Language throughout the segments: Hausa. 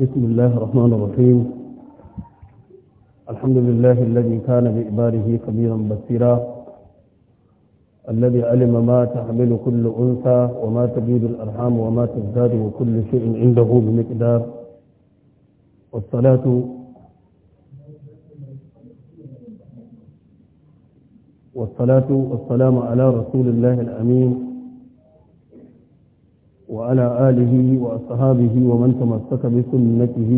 بسم الله الرحمن الرحيم الحمد لله الذي كان بإباره خبيرا بصيرا الذي علم ما تحمل كل أنثى وما تبيد الأرحام وما تزداد وكل شيء عنده بمقدار والصلاة والصلاة والسلام على رسول الله الأمين وعلى آله وأصحابه ومن تمسك بسنته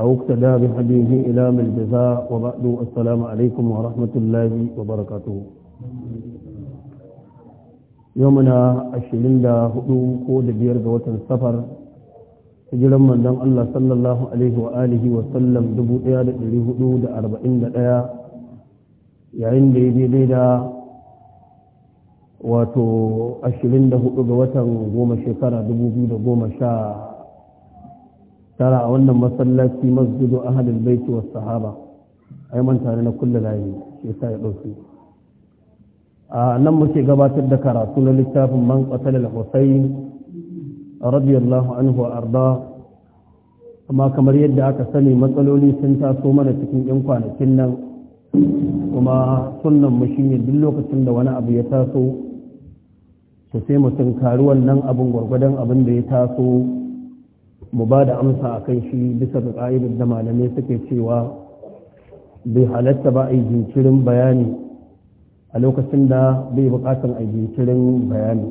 أو اقتدى بهديه إلى من الجزاء وبعد السلام عليكم ورحمة الله وبركاته يومنا الشلين دا هدو كود بير وطن السفر hijiran manzon Allah sallallahu alaihi wa alihi wa sallam dubu ɗaya da ɗari hudu da arba'in da ɗaya yayin da ya daidai da wato 24 ga watan goma shekara 2010 tara a wannan masallaci masjidu halin baiti wa sahaba a yi manta na kulle layi shi ya ɗauki a nan muke gabatar da karatu na littafin man qatala al-husayn radiyallahu anhu a arda amma kamar yadda aka sani matsaloli sun taso mana cikin yan kwanakin nan kuma sunnan mu shine duk lokacin da wani abu ya taso Ku sai mu tunkari wannan abin gwargwadon abin da ya taso mu ba da amsa a kan shi bisa ga ƙa'idar da malamai suke cewa bai halatta ba a yi jinkirin bayani a lokacin da bai buƙatar a yi jinkirin bayani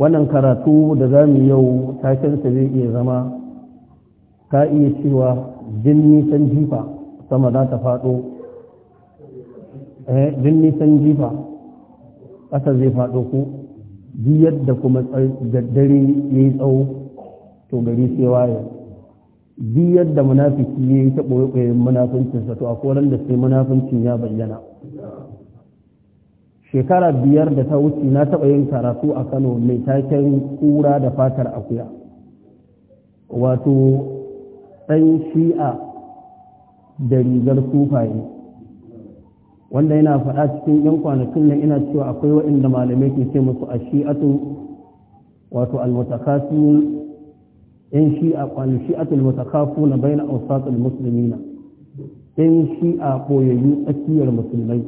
wannan karatu da za mu yau takinsa zai iya zama ka iya cewa jin nisan jifa sama za ta faɗo eh, jin nisan jifa ƙasa zai faɗo ku duk yadda kuma daddare ya yi tsawo to gari sai waye duk yadda munafiki ya yi taɓo ya ɓoyen munafincinsa to a koran da sai munafincin ya bayyana shekara biyar da ta wuce na taɓa yin karatu a kano mai taken kura da fatar akuya wato ɗan shi'a da rigar sufaye wanda yana faɗa cikin yan kwanakin nan ina cewa akwai waɗanda malamai ke ce musu a shi'atu wato almutakasun yan shi'a kwan shi'atu almutakafu na bayan ausatul na. yan shi'a koyayyu tsakiyar musulmai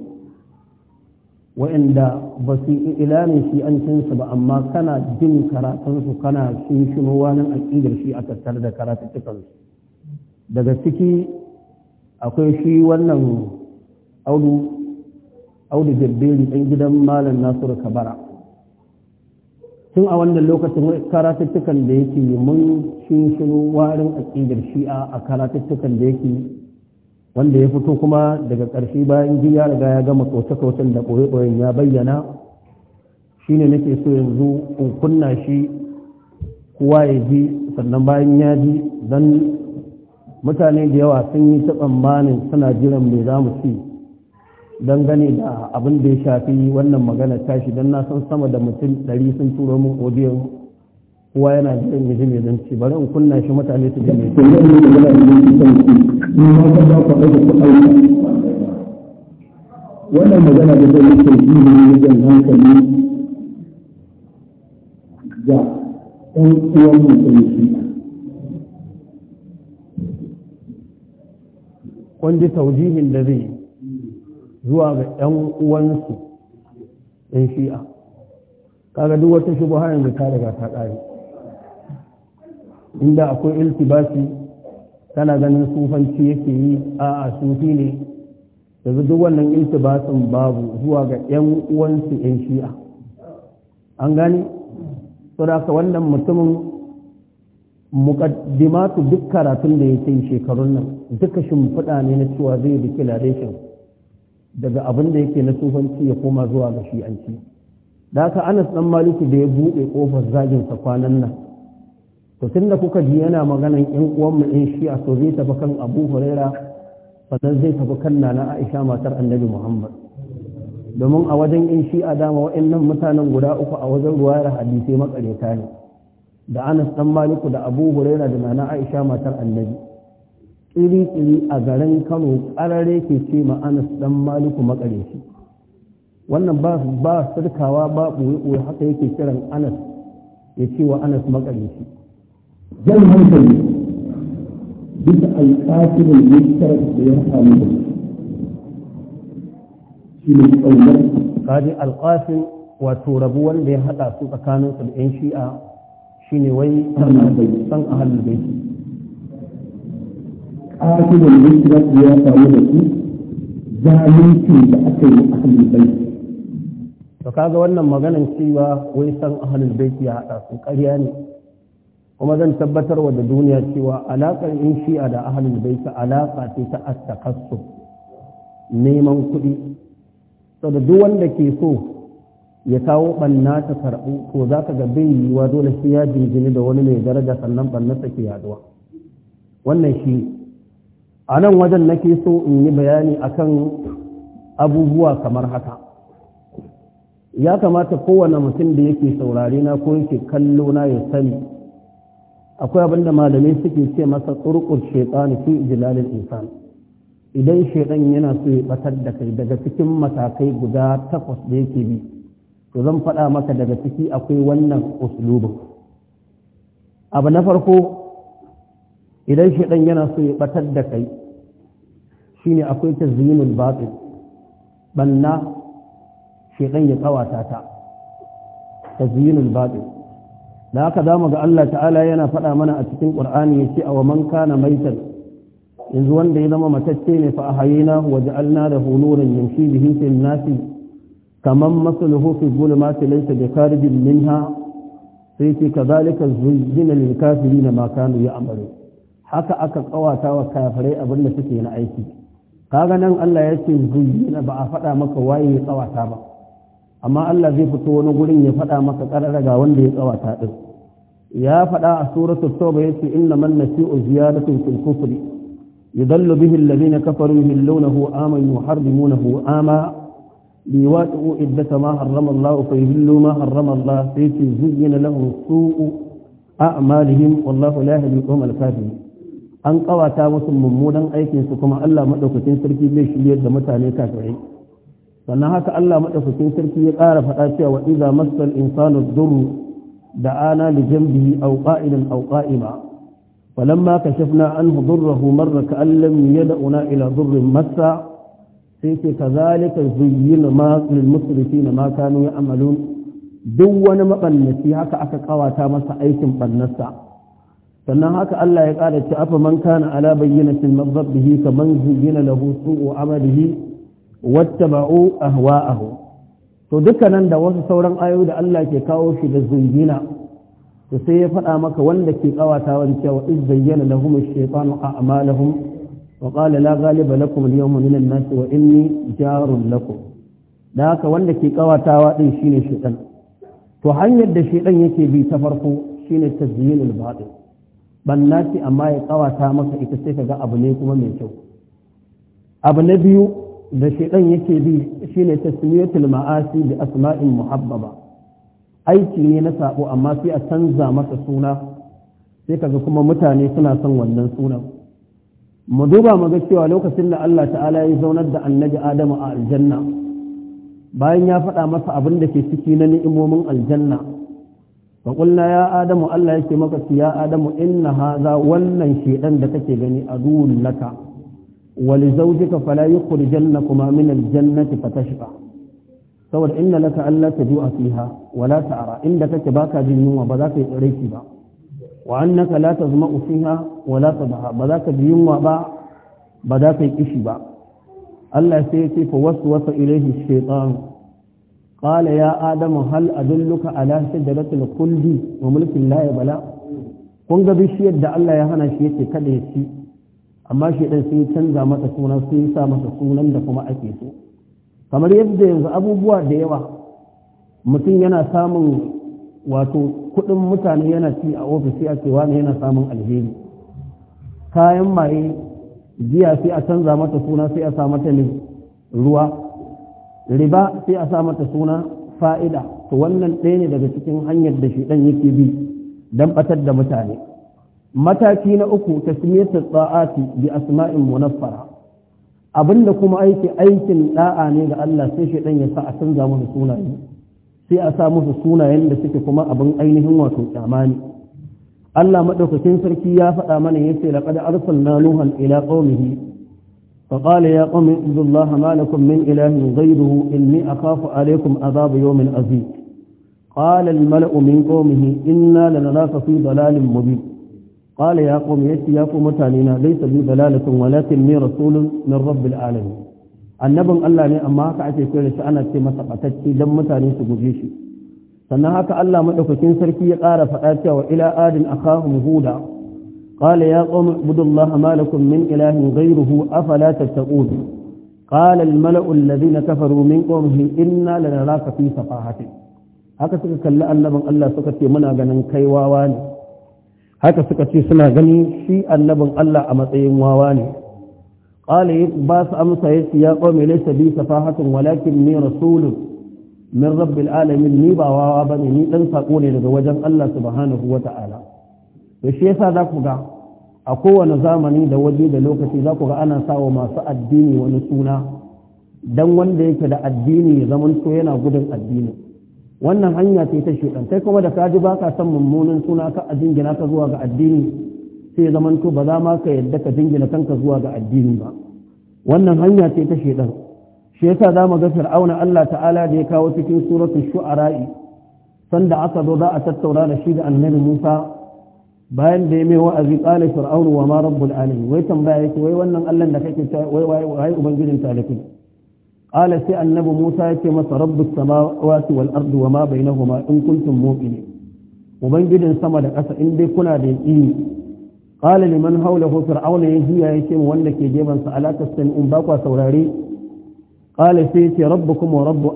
waɗanda ba su yi ilanin shi'ancinsu ba amma kana jin karatunsu kana shinshinowa nan aƙidar shi a tattare da karatuttukansu daga ciki akwai shi wannan audu audu jabberi ɗan gidan malam nasiru kabara tun a wannan lokacin karatuttukan da yake mun shinshinu warin aƙidar shi'a a karatuttukan da yake wanda ya fito kuma daga ƙarshe bayan ji ya riga ya gama kauce da ɓoye-ɓoyen ya bayyana shi ne nake so yanzu in kunna shi kowa ya ji sannan bayan ya ji don mutane da yawa sun yi ta tsammanin suna jiran mai za mu ci dangane da abin da ya shafi wannan magana tashi don na san sama da mutum ɗari sun turo min odiyon kowa yana jiran ya ji mai zance bari in kunna shi mutane su ji mai wannan magana da zai yi shi ne wajen hankali ga ɗan uwan mutum shi kun ji taujihin da zai yi zuwa ga 'yan uwansu 'yan shi'a kaga duk wata buhari da ta daga ta ƙari inda akwai iltibasi tana ganin sufanci yake yi a'a sufi ne yanzu duk wannan iltibasin babu zuwa ga 'yan uwansu 'yan shi'a an gani saboda wannan mutumin mukaddimatu duk karatun da ya ce shekarun nan duka shimfiɗa ne na cewa zai bi daga abin da yake na sufanci ya koma zuwa ga shi'anci da haka anas dan maliki da ya buɗe ƙofar zagin sa kwanan nan to da kuka ji yana maganan yan uwan mu shi shi'a to zai tafi kan abu huraira sannan zai tafi kan nana aisha matar annabi muhammad domin a wajen in shi'a dama wa'annan mutanen guda uku a wajen ruwayar hadisai makareta ne da anas dan maliku da abu huraira da nana aisha matar annabi tsiri-tsiri a garin kano ƙarare ke ce ma'anas ɗan maliku makareci wannan ba sirkawa ba ɓoye-ɓoye haka yake kiran anas ya ce wa anas makareci jan hankali duka alƙasirin mutar da ya samu da shi ne ƙaunar kaji alƙasin wato rabu wanda ya haɗa su tsakanin su da 'yan shi'a shine wai san ahalul baiti ta musulunci ya samu da su zalunci da aka yi a bai to kaga wannan maganan cewa wai san ahalin bait ya hada su ƙarya ne kuma zan tabbatar wa da duniya cewa alaƙar in shi'a da bai bait alaƙa ce ta attakassu neman kuɗi saboda duk wanda ke so ya kawo ɓanna ta karɓu ko za ka ga bai yiwuwa dole sai ya jinjini da wani mai daraja sannan ɓannarsa ke yaduwa wannan shi a nan wajen nake so in yi bayani akan abubuwa kamar haka ya kamata kowane mutum da yake saurari na ko yake kallo na ya sani akwai abin da malamai suke ce masa tsurkur shaitani fi jilalin insan idan shaitan yana so ya batar da kai daga cikin matakai guda takwas da yake bi to zan faɗa maka daga ciki akwai wannan uslubin abu na farko idan shaitan yana so ya batar da kai ne akwai tazyinul batil banna shekan ya kawata ta tazyinul batil da haka zamu ga Allah ta'ala yana faɗa mana a cikin Qur'ani yace wa man na maitan yanzu wanda ya zama matacce ne fa na waje ja'alna da nuran yamshi bihi fil nasi kaman masaluhu fi zulumati laysa bi kharijin minha sai ce kazalika zuyyina lil na ma ya amare. haka aka kawata wa kafirai abin da suke na aiki kaga nan Allah ya ce zuyyina ba a faɗa maka waye ya tsawata ba amma Allah zai fito wani gurin ya faɗa maka ƙarara ga wanda ya tsawata din ya faɗa a suratu tauba yace inna man nasi'u ziyadatun fil kufri yudallu bihi alladhina kafaru yuhillunahu amanu wa harrimunahu ama ليواتئوا عدة ما حرم الله فيهلوا ما حرم الله فيتي زين لهم سوء أعمالهم والله لا يهدي القوم الكافرين an kawata musu mummunan aikin su kuma Allah madaukakin sarki zai shiryar da mutane kafirai sannan haka Allah madaukakin sarki ya ƙara faɗa cewa wa idza massal insanu dhurru da'ana li janbihi aw qa'ilan aw qa'ima falamma kashafna anhu dhurruhu marra ka'an lam yad'una ila dhurrin massa sai ce kazalika zuyyina ma lil musrifina ma kanu ya'malun duk wani mabannaci haka aka kawata masa aikin bannarsa sannan haka Allah ya ƙara ci afa man kana ala bayyinatin min rabbihi kaman zuyyina lahu su'u amalihi wattaba'u ahwa'ahu to dukkanan da wasu sauran ayoyi da Allah ke kawo shi da zingina, to sai ya faɗa maka wanda ke kawata wani cewa iz bayyana lahum ash-shaytanu a'malahum wa qala la ghaliba lakum al-yawma min an-nas wa inni jarun lakum da haka wanda ke kawatawa din shine shaytan to hanyar da shaytan yake bi ta farko shine tazyinul batil banna ce amma ya kawata maka ita sai ka ga abu ne kuma mai kyau abu na biyu da shaidan yake bi shine tasmiyatul ma'asi da asma'in muhabbaba aiki ne na sabo amma sai a canza masa suna sai kaga kuma mutane suna son wannan sunan mu duba mu ga cewa lokacin da Allah ta'ala ya zaunar da annabi Adamu a aljanna bayan ya faɗa masa abin da ke ciki na ni'imomin aljanna faƙulla ya adamu Allah yake maka ya adamu inna haza wannan shedan da kake gani a duhun laka wali zaujika fala yukhrijanna kuma min aljannati fatashqa saboda inna laka alla tajua fiha wala ta'ara inda kake baka jin yunwa ba za ka yi tsiraici ba wa annaka la tazma'u fiha wala tadha ba za ka ji yunwa ba ba za ka yi kishi ba Allah sai ya ce fa waswasa ilayhi shaytanu قال يا آدم هل أدلك على شجرة الخلد وملك لا يبلى kun ga bishiyar da Allah ya hana shi yake kada ya ci amma shi dan sai canza mata sunan yi sa masa sunan da kuma ake so kamar yadda yanzu abubuwa da yawa mutum yana samun wato kuɗin mutane yana ci a ofis sai ake wani yana samun alheri kayan maye jiya sai a canza mata suna sai a sa mata ne ruwa riba sai a sa mata suna fa'ida to wannan ɗaya ne daga cikin hanyar da shi ɗan yake bi don ɓatar da mutane mataki na uku ta tasmiyatu tsa'ati bi asma'in munaffara abinda kuma aiki aikin ɗa'a ne ga Allah sai shi ɗan ya sa a canza musu sunaye sai a sa musu sunayen da suke kuma abin ainihin wato kyama Allah maɗaukakin sarki ya faɗa mana yace laqad arsalna nuhan ila qaumihi فقال يا قوم اعبدوا الله ما لكم من إله غيره إني أخاف عليكم عذاب يوم عظيم قال الملأ من قومه إنا لنراك في ضلال مبين قال يا قوم يأتي يا قوم تانينا ليس لي ضلالة ولكني رسول من رب العالمين annabin Allah ne amma haka ake kira shi ana ce masa batacce don mutane su guje shi sannan haka Allah madaukakin sarki ya ƙara faɗa cewa ila adin akahum huda قال يا قوم اعبدوا الله ما لكم من إله غيره أفلا تتقون قال الملأ الذين كفروا من قومه إنا لنراك في سفاهة haka suka kalli annabin Allah suka ce muna ganin kai wawa ne haka suka ce suna gani shi annabin Allah a matsayin wawa ne qala ba su amsa yace ya qawmi laysa bi safahatun walakin ni rasulun min rabbil alamin ni ba wawa bane ni dan sako ne daga wajen Allah subhanahu wata'ala to shi yasa za ku ga a kowane zamani da waje da lokaci za ku ga ana sawa masu addini wani suna don wanda yake da addini ya zaman to yana gudun addini wannan hanya ce ta shuɗan sai kuma da ka ji baka san mummunan suna ka a jingina ka zuwa ga addini sai zaman to ba za ma ka yadda ka jingina kanka zuwa ga addini ba wannan hanya ce ta shuɗan shi yasa za mu ga fir'auna Allah ta'ala da ya kawo cikin suratul ra'i, sanda aka zo za a tattauna da shi da annabi Musa bayan da ya mai wa'azi qala fir'aun wa ma rabbul alamin wai tambaya yake wai wannan Allah da kake wai wai wai ubangijin talakin qala sai annabi Musa yake masa rabbus samawati wal ardi wa ma bainahuma in kuntum mu'minin ubangijin sama da ƙasa in dai kuna da yaqini qala liman hawlahu fir'aun ya juya yake mu wanda ke geban sa ala in ba kwa saurare qala sai yace rabbukum wa rabbu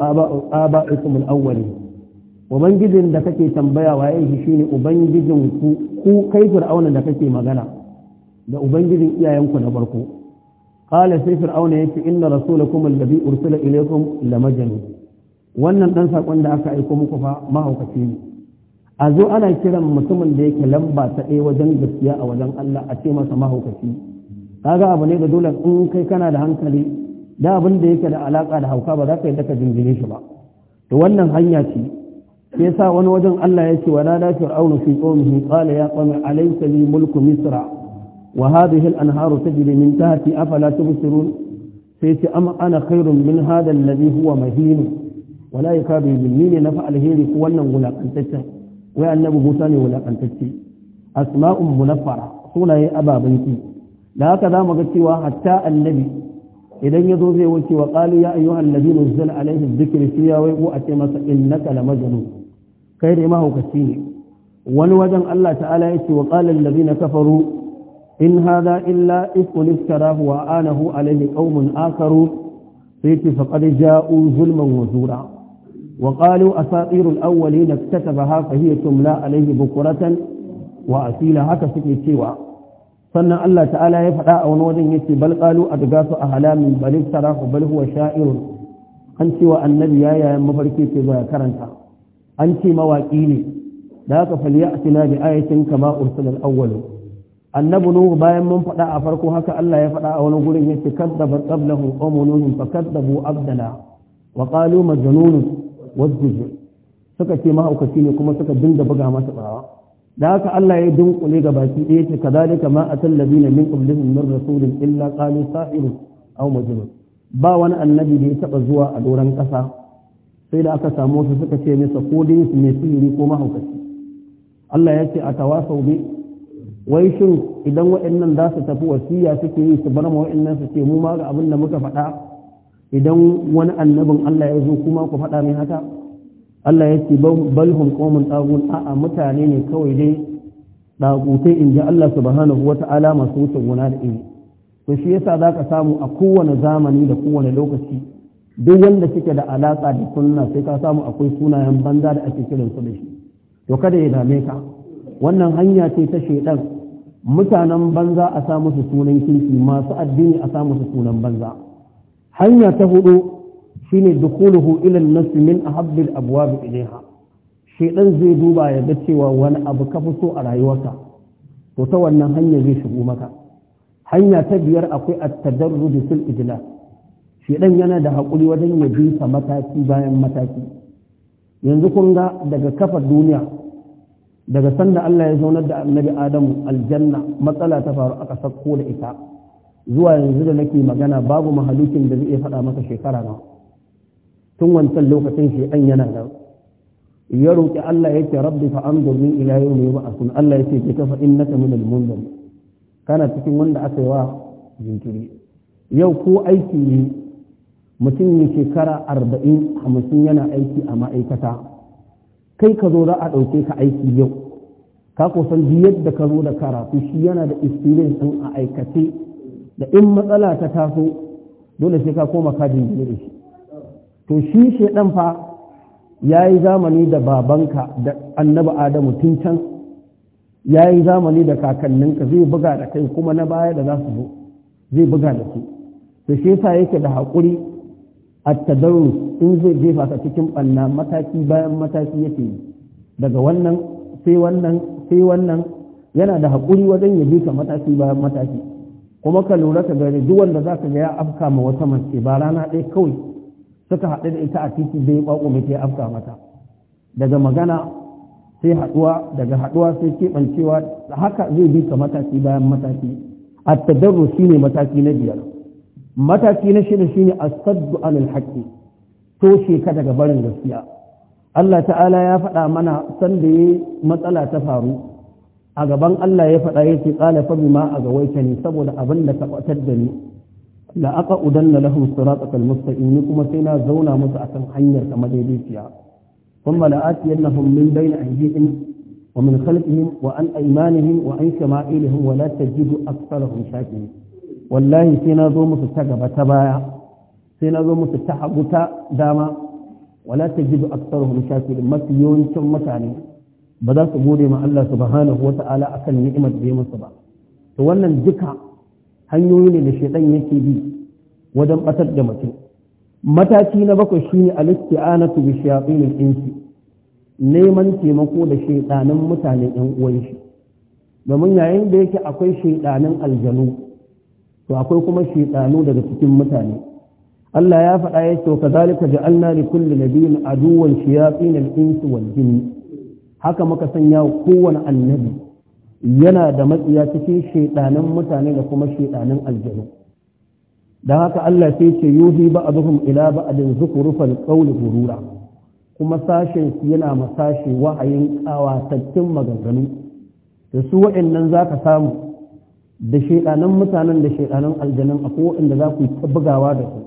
aba'ukum al-awwalin ubangijin da kake tambaya waye shi shine ubangijin ku ku kai fir'auna da kake magana da ubangijin iyayenku na barko qala sai fir'auna yace inna rasulakum alladhi ursila ilaykum majnun wannan dan sakon da aka aika muku fa mahaukaci ne a zo ana kiran mutumin da yake lamba ta ɗaya wajen gaskiya a wajen Allah a ce masa mahaukaci kaga abu ne da dole in kai kana da hankali da abin da yake da alaka da hauka ba za ka yi daka jingine shi ba to wannan hanya ce sai sa wani wajen Allah ya ce wa da fir'aun fi qawmihi qala ya qawmi alaysa li mulku misra wa hadhihi al-anharu tajri min tahti afala tubsirun sai ce am ana khairun min hadha alladhi huwa mahin wala yakadu yuzni nafa alheri ku wannan wulakantaccen wai annabi Musa ne wulakantacce asma'un munaffara sunaye ababanki da haka zamu ga cewa hatta annabi idan ya zo zai wuce wa qalu ya ayyuhal ladina nuzila alaihi dhikru shi ya wai a ce masa innaka la majnun kai dai mahaukaci ne wani wajen Allah ta'ala ya ce wa ƙalin labi na kafaru in haza illa ifkun iftarahu wa anahu alaihi qaumun akaru sai ce faqad ja'u zulman wa zura wa qalu asatirul awwalin iktatabaha haka, hiya tumla alaihi bukuratan, wa asila haka suke cewa sannan Allah ta'ala ya faɗa a wani wajen yace bal qalu a ahalamin bal iftarahu bal huwa sha'irun an cewa annabi ya yayin mafarki ce ba karanta an ce mawaƙi ne da haka falyatina bi ayatin kama ursila auwalu. annabi nuhu bayan mun faɗa a farko haka Allah ya faɗa a wani gurin yace kadzabat qablahum qawmu nuh fakadzabu abdala wa qalu majnun wazduj suka ce mahaukaci ne kuma suka dinga buga masa bawa da haka Allah ya dunkule ga baki ɗaya ce kadalika ma atal ladina min qablihim min rasulin illa qalu sa'irun aw majnun ba wani annabi da ya taba zuwa a doran ƙasa sai da aka samu su suka ce masa ko dai mai sihiri ko mahaukaci Allah ya ce a tawasau wai shin idan waɗannan za su tafi wasiya suke yi su bar ma waɗannan su ce mu ma ga abin da muka faɗa idan wani annabin Allah ya zo kuma ku faɗa mai haka Allah ya ce bal hum qaumun tagun a mutane ne kawai dai dagutai in ji Allah subhanahu wata'ala masu wuce gona da iri to shi yasa zaka samu a kowane zamani da kowane lokaci duk wanda suke da alaƙa da sunna sai ka samu akwai sunayen banza da ake kiran su da shi to kada ya dame ka wannan hanya ce ta shaidan mutanen banza a sa musu sunan kirki masu addini a sa musu sunan banza hanya ta hudu shine dukuluhu ila an-nas min ahabbil abwab ilayha shaidan zai duba ya ga cewa wani abu ka fi so a rayuwarka to ta wannan hanya zai shigo maka hanya ta biyar akwai at-tadarrud fil ijlas shedan yana da haƙuri wajen ya jinsa mataki bayan mataki yanzu kun ga daga kafa duniya daga sanda Allah ya zaunar da annabi Adamu aljanna matsala ta faru aka sako da ita zuwa yanzu da nake magana babu mahalukin da zai iya faɗa maka shekara na tun wancan lokacin shedan yana da ya roƙi Allah ya ce rabbi fa anzur min ila yawmi yub'athun Allah ya ce ke kafa innaka min al kana cikin wanda aka yi wa jinkiri yau ko aiki ne mutum ya shekara arba'in hamsin yana aiki a ma'aikata kai ka zo za a ɗauke ka aiki yau ka kusan duk yadda ka zo da karatu shi yana da experience ɗin a aikace da in matsala ta taso dole sai ka koma ka jingine da shi to shi shaidan fa ya yi zamani da babanka da annabi adamu tun can ya yi zamani da kakanninka zai buga da kai kuma na baya da za su zo zai buga da su to shi yasa yake da haƙuri التدور tadarrus in zai jefa ka cikin banna mataki bayan mataki yake yi daga wannan sai wannan sai wannan yana da haƙuri wajen ya bika mataki bayan mataki kuma ka lura ka gani duk wanda za ka ga ya afka ma wata mace ba rana ɗaya kawai suka haɗu da ita a titi zai ɓaƙo mai ya afka mata daga magana sai haɗuwa daga haɗuwa sai keɓancewa haka zai bi ka mataki bayan mataki at-tadarrus shine mataki na biyar mataki na shida shine as-saddu anil haqqi toshe ka daga barin gaskiya Allah ta'ala ya faɗa mana sanda yayi matsala ta faru a gaban Allah ya faɗa yake tsala fa bima agawaita ni saboda abin da ka fatar da ni la aqa udanna lahum siratal mustaqim kuma sai na zauna musu akan hanyar ta madaidaiciya kuma la atiyannahum min bayni aydihim ومن خلفهم وعن أيمانهم وعن شمائلهم ولا تجد أكثرهم شاكرين wallahi sai na zo musu ta gaba ta baya sai na zo musu ta hagu ta dama wala ta jibu aksaruhum shakirin mafi yawancin mutane ba za su gode ma Allah subhanahu wa ta'ala akan ni'imar da ya musu ba to wannan duka hanyoyi ne da shaitan yake bi wajen batar da mutum mataki na bakwai shine al-isti'anatu bi shayatinil insi neman taimako da shaiɗanin mutane ɗan uwan shi domin yayin da yake akwai shaiɗanin aljanu to akwai kuma shiɗanu daga cikin mutane Allah ya faɗa ya ce kazalika ja'alna li kulli nabiyyin aduwanshi shayatin al-insi wal jinn haka muka sanya kowane annabi yana da matsiya cikin shaytanan mutane da kuma shaytanan aljanu dan haka Allah sai ce yuhi ba'dhum ila ba'din zukhrufal qawli hurura kuma sashen yana masashe wahayin kawatattun maganganu da su waɗannan zaka samu da shaidanan mutanen da shaidanan aljanan ko waɗanda za ku yi ta bugawa da su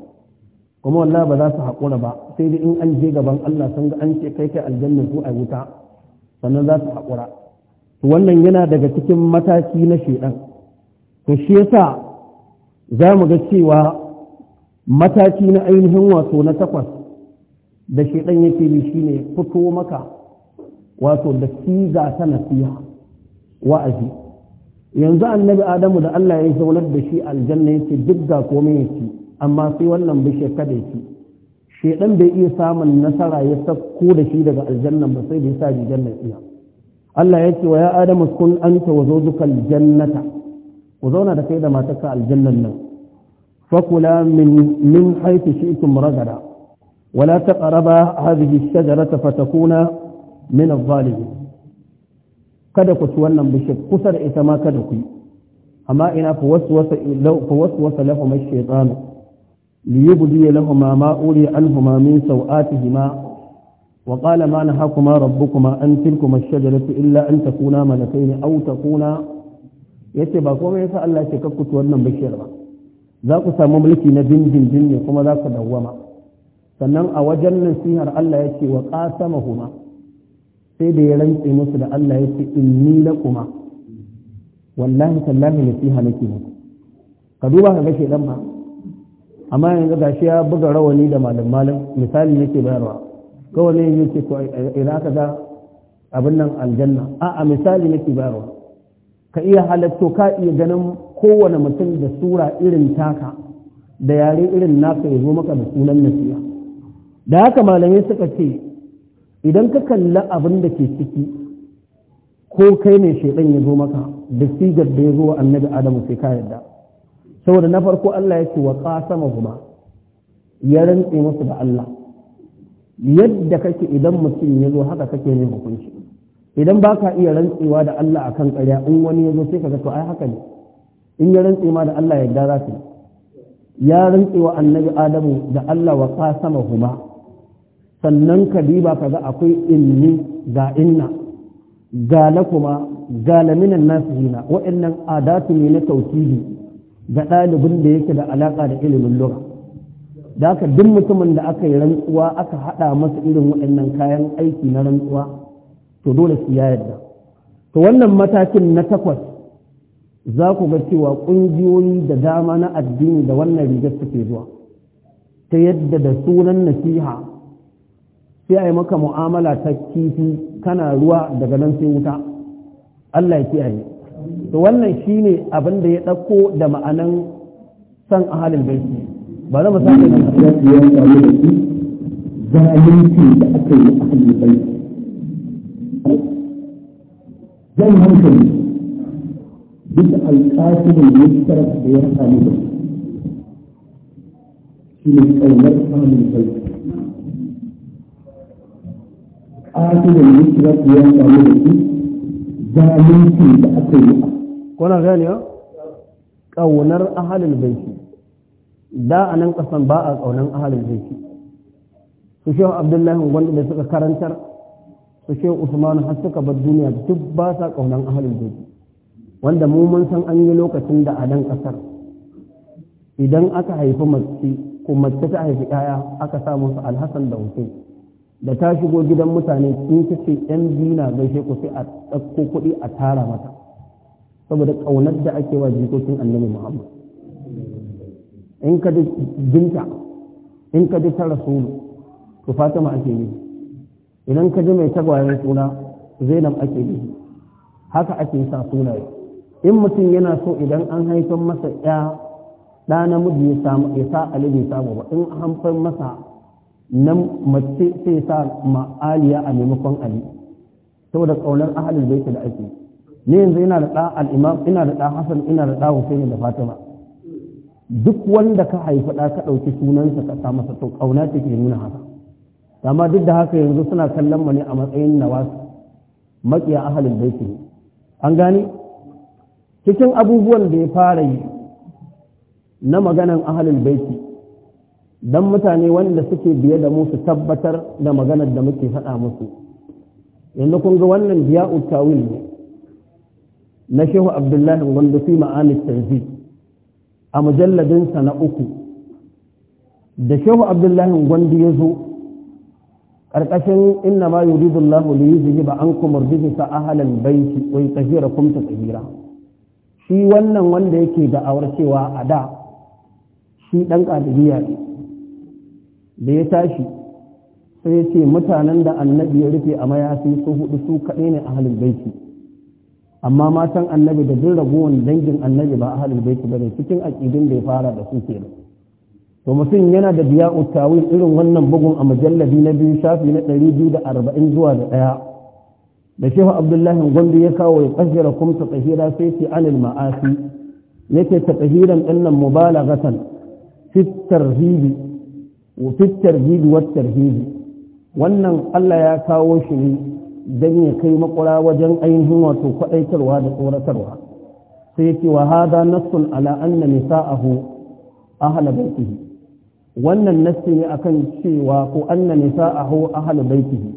kuma wallah ba za su haƙura ba sai dai in an je gaban Allah sun ga an ce kai kai aljanna su a wuta sannan za su haƙura to wannan yana daga cikin mataki na shaidan to shi yasa za mu ga cewa mataki na ainihin wato na takwas da shaidan yake bi shine fito maka wato da ciza ta nasiha wa'azi yanzu annabi adamu da Allah ya zaunar da shi aljanna yake duk da komai yake amma sai wannan bishiyar kada yake shedan bai iya samun nasara ya sako da shi daga aljannan ba sai da ya sa aljanna iya Allah ya ce wa ya adamu kun anta wa zawjuka aljannata ku zauna da kai da matarka aljannan nan fakula min min haythu shi'tum ragada ولا تقربا هذه الشجرة فتكونا من الظالمين kada ku ci wannan bishiyar kusa da ita ma kada ku yi amma ina fa waswasa lahum ash-shaytanu liyubdi lahum ma uri anhuma min sawatihima wa qala ma nahakuma rabbukuma an tilkuma ash-shajarati illa an takuna malakaini aw Ya yace ba komai yasa Allah ya kakku ci wannan bishiyar ba za ku samu mulki na dindindin ne kuma za ku dawwama sannan a wajen nasihar Allah ya ce wa huma? sai da ya rantse musu da Allah ya ce in ni na kuma. wallahi tallahi nasiha nake muku ka duba ka ga dan ba amma yanzu gashi ya buga rawani da malam malam misali nake bayarwa kawai ne yake ko ina ka ga abin nan aljanna a a misali nake bayarwa ka iya halatto ka iya ganin kowane mutum da sura irin taka da yare irin naka ya zo maka da sunan nasiha da haka malamai suka ce idan ka kalli abin da ke ciki ko kai ne shaidan ya zo maka da sigar da ya zo wa annabi adamu sai ka yarda saboda na farko Allah ya ce wa kasama huma ya rantse musu da Allah yadda kake idan mutum ya zo haka kake ne hukunci idan ba ka iya rantsewa da Allah akan ƙarya in wani ya zo sai ka ga to ai haka ne in ya rantse ma da Allah yadda za ka ya rantse wa annabi adamu da Allah wa kasama huma sannan ka diba ka ga akwai inni ga inna gala kuma gala minan nasihina wa'annan adatu ne na tausihi ga ɗalibin da yake da alaka da ilimin lura da haka duk mutumin da aka yi rantsuwa aka haɗa masa irin waɗannan kayan aiki na rantsuwa to dole su ya yarda to wannan matakin na takwas za ku ga cewa ƙungiyoyi da dama na addini da wannan rigar suke zuwa ta yadda da sunan nasiha sai a yi maka mu'amala ta kifi kana ruwa daga nan sai wuta Allah ya kiyaye to wannan shine abin da ya ɗauko da ma'anan san ahalin baiti ba za mu sake da zalunci da aka yi ahalin baiti zan hankali duk alƙasirin da ya da ya sami da shi ne ƙaunar samun baiti ƙasu da yi za samu da su zalunci da aka yi kuna gani ya ƙaunar ahalin baiti da a nan ƙasan ba a ƙaunar ahalin baiti su shehu abdullahi wanda da suka karantar su shehu usmanu har suka bar duniya duk ba sa ƙaunar ahalin baiti wanda mu mun san an yi lokacin da a nan ƙasar idan aka haifi mace ko mace ta haifi ɗaya aka samu su alhassan da hussein da ta shigo gidan mutane in ta ce yan biyu na gaishe ku sai a ɗauko kuɗi a tara mata saboda ƙaunar da ake wa jikokin annabi muhammad in ka ji binta in ka ji ta su to fatima ake yi idan ka ji mai tagwayen suna zainab ake yi haka ake sa sunaye in mutum yana so idan an haifar masa ya ɗa namiji ya sa alibi samu ba in haifar masa nan mace sai sa ma'aliya a maimakon ali saboda kaunar ahalul baiti da ake ne yanzu ina da ɗa al'imam ina da ɗa hasan ina da ɗa husaini da fatima duk wanda ka haifi ɗa ka ɗauki sunansa ka sa masa to ƙauna ce ke nuna haka amma duk da haka yanzu suna kallon mu ne a matsayin nawas maƙiya ahalul baiti an gane cikin abubuwan da ya fara yi na maganan ahalin baiti don mutane wanda suke biye da mu su tabbatar da maganar da muke faɗa musu yanzu kun ga wannan biya tawil ne na shehu abdullahi wanda fi ma'anin tarzi a mujalladinsa na uku da shehu abdullahi Gwandu ya zo ƙarƙashin inna ma yuridu Allah li ba an kumar bihi sa ahalan baiti wa yutahhira kumta hira. shi wannan wanda yake da'awar cewa a da shi ɗan ƙadiriya da ya tashi sai ya ce mutanen da annabi ya rufe a mayafi su hudu su kaɗai ne a halin baiki amma matan annabi da duk ragowar dangin annabi ba a halin baiki ba ne cikin aƙidin da ya fara da su ba. to mutum yana da biya uttawil irin wannan bugun a mujallabi na biyu shafi na ɗari biyu da arba'in zuwa da ɗaya da shehu abdullahi gombe ya kawo ya ƙasira kumsa tsahira sai ce anil ma'asi yake ta tsahiran ɗin nan mubalagatan fitar ribi wufit tarhid wa wannan Allah ya kawo shi ne dan ya kai maƙura wajen ainihin wato kwadaitarwa da tsoratarwa sai yake wa hada nassun ala anna nisa'ahu ahla baitihi wannan nassi ne akan cewa ko anna nisa'ahu ahla baitihi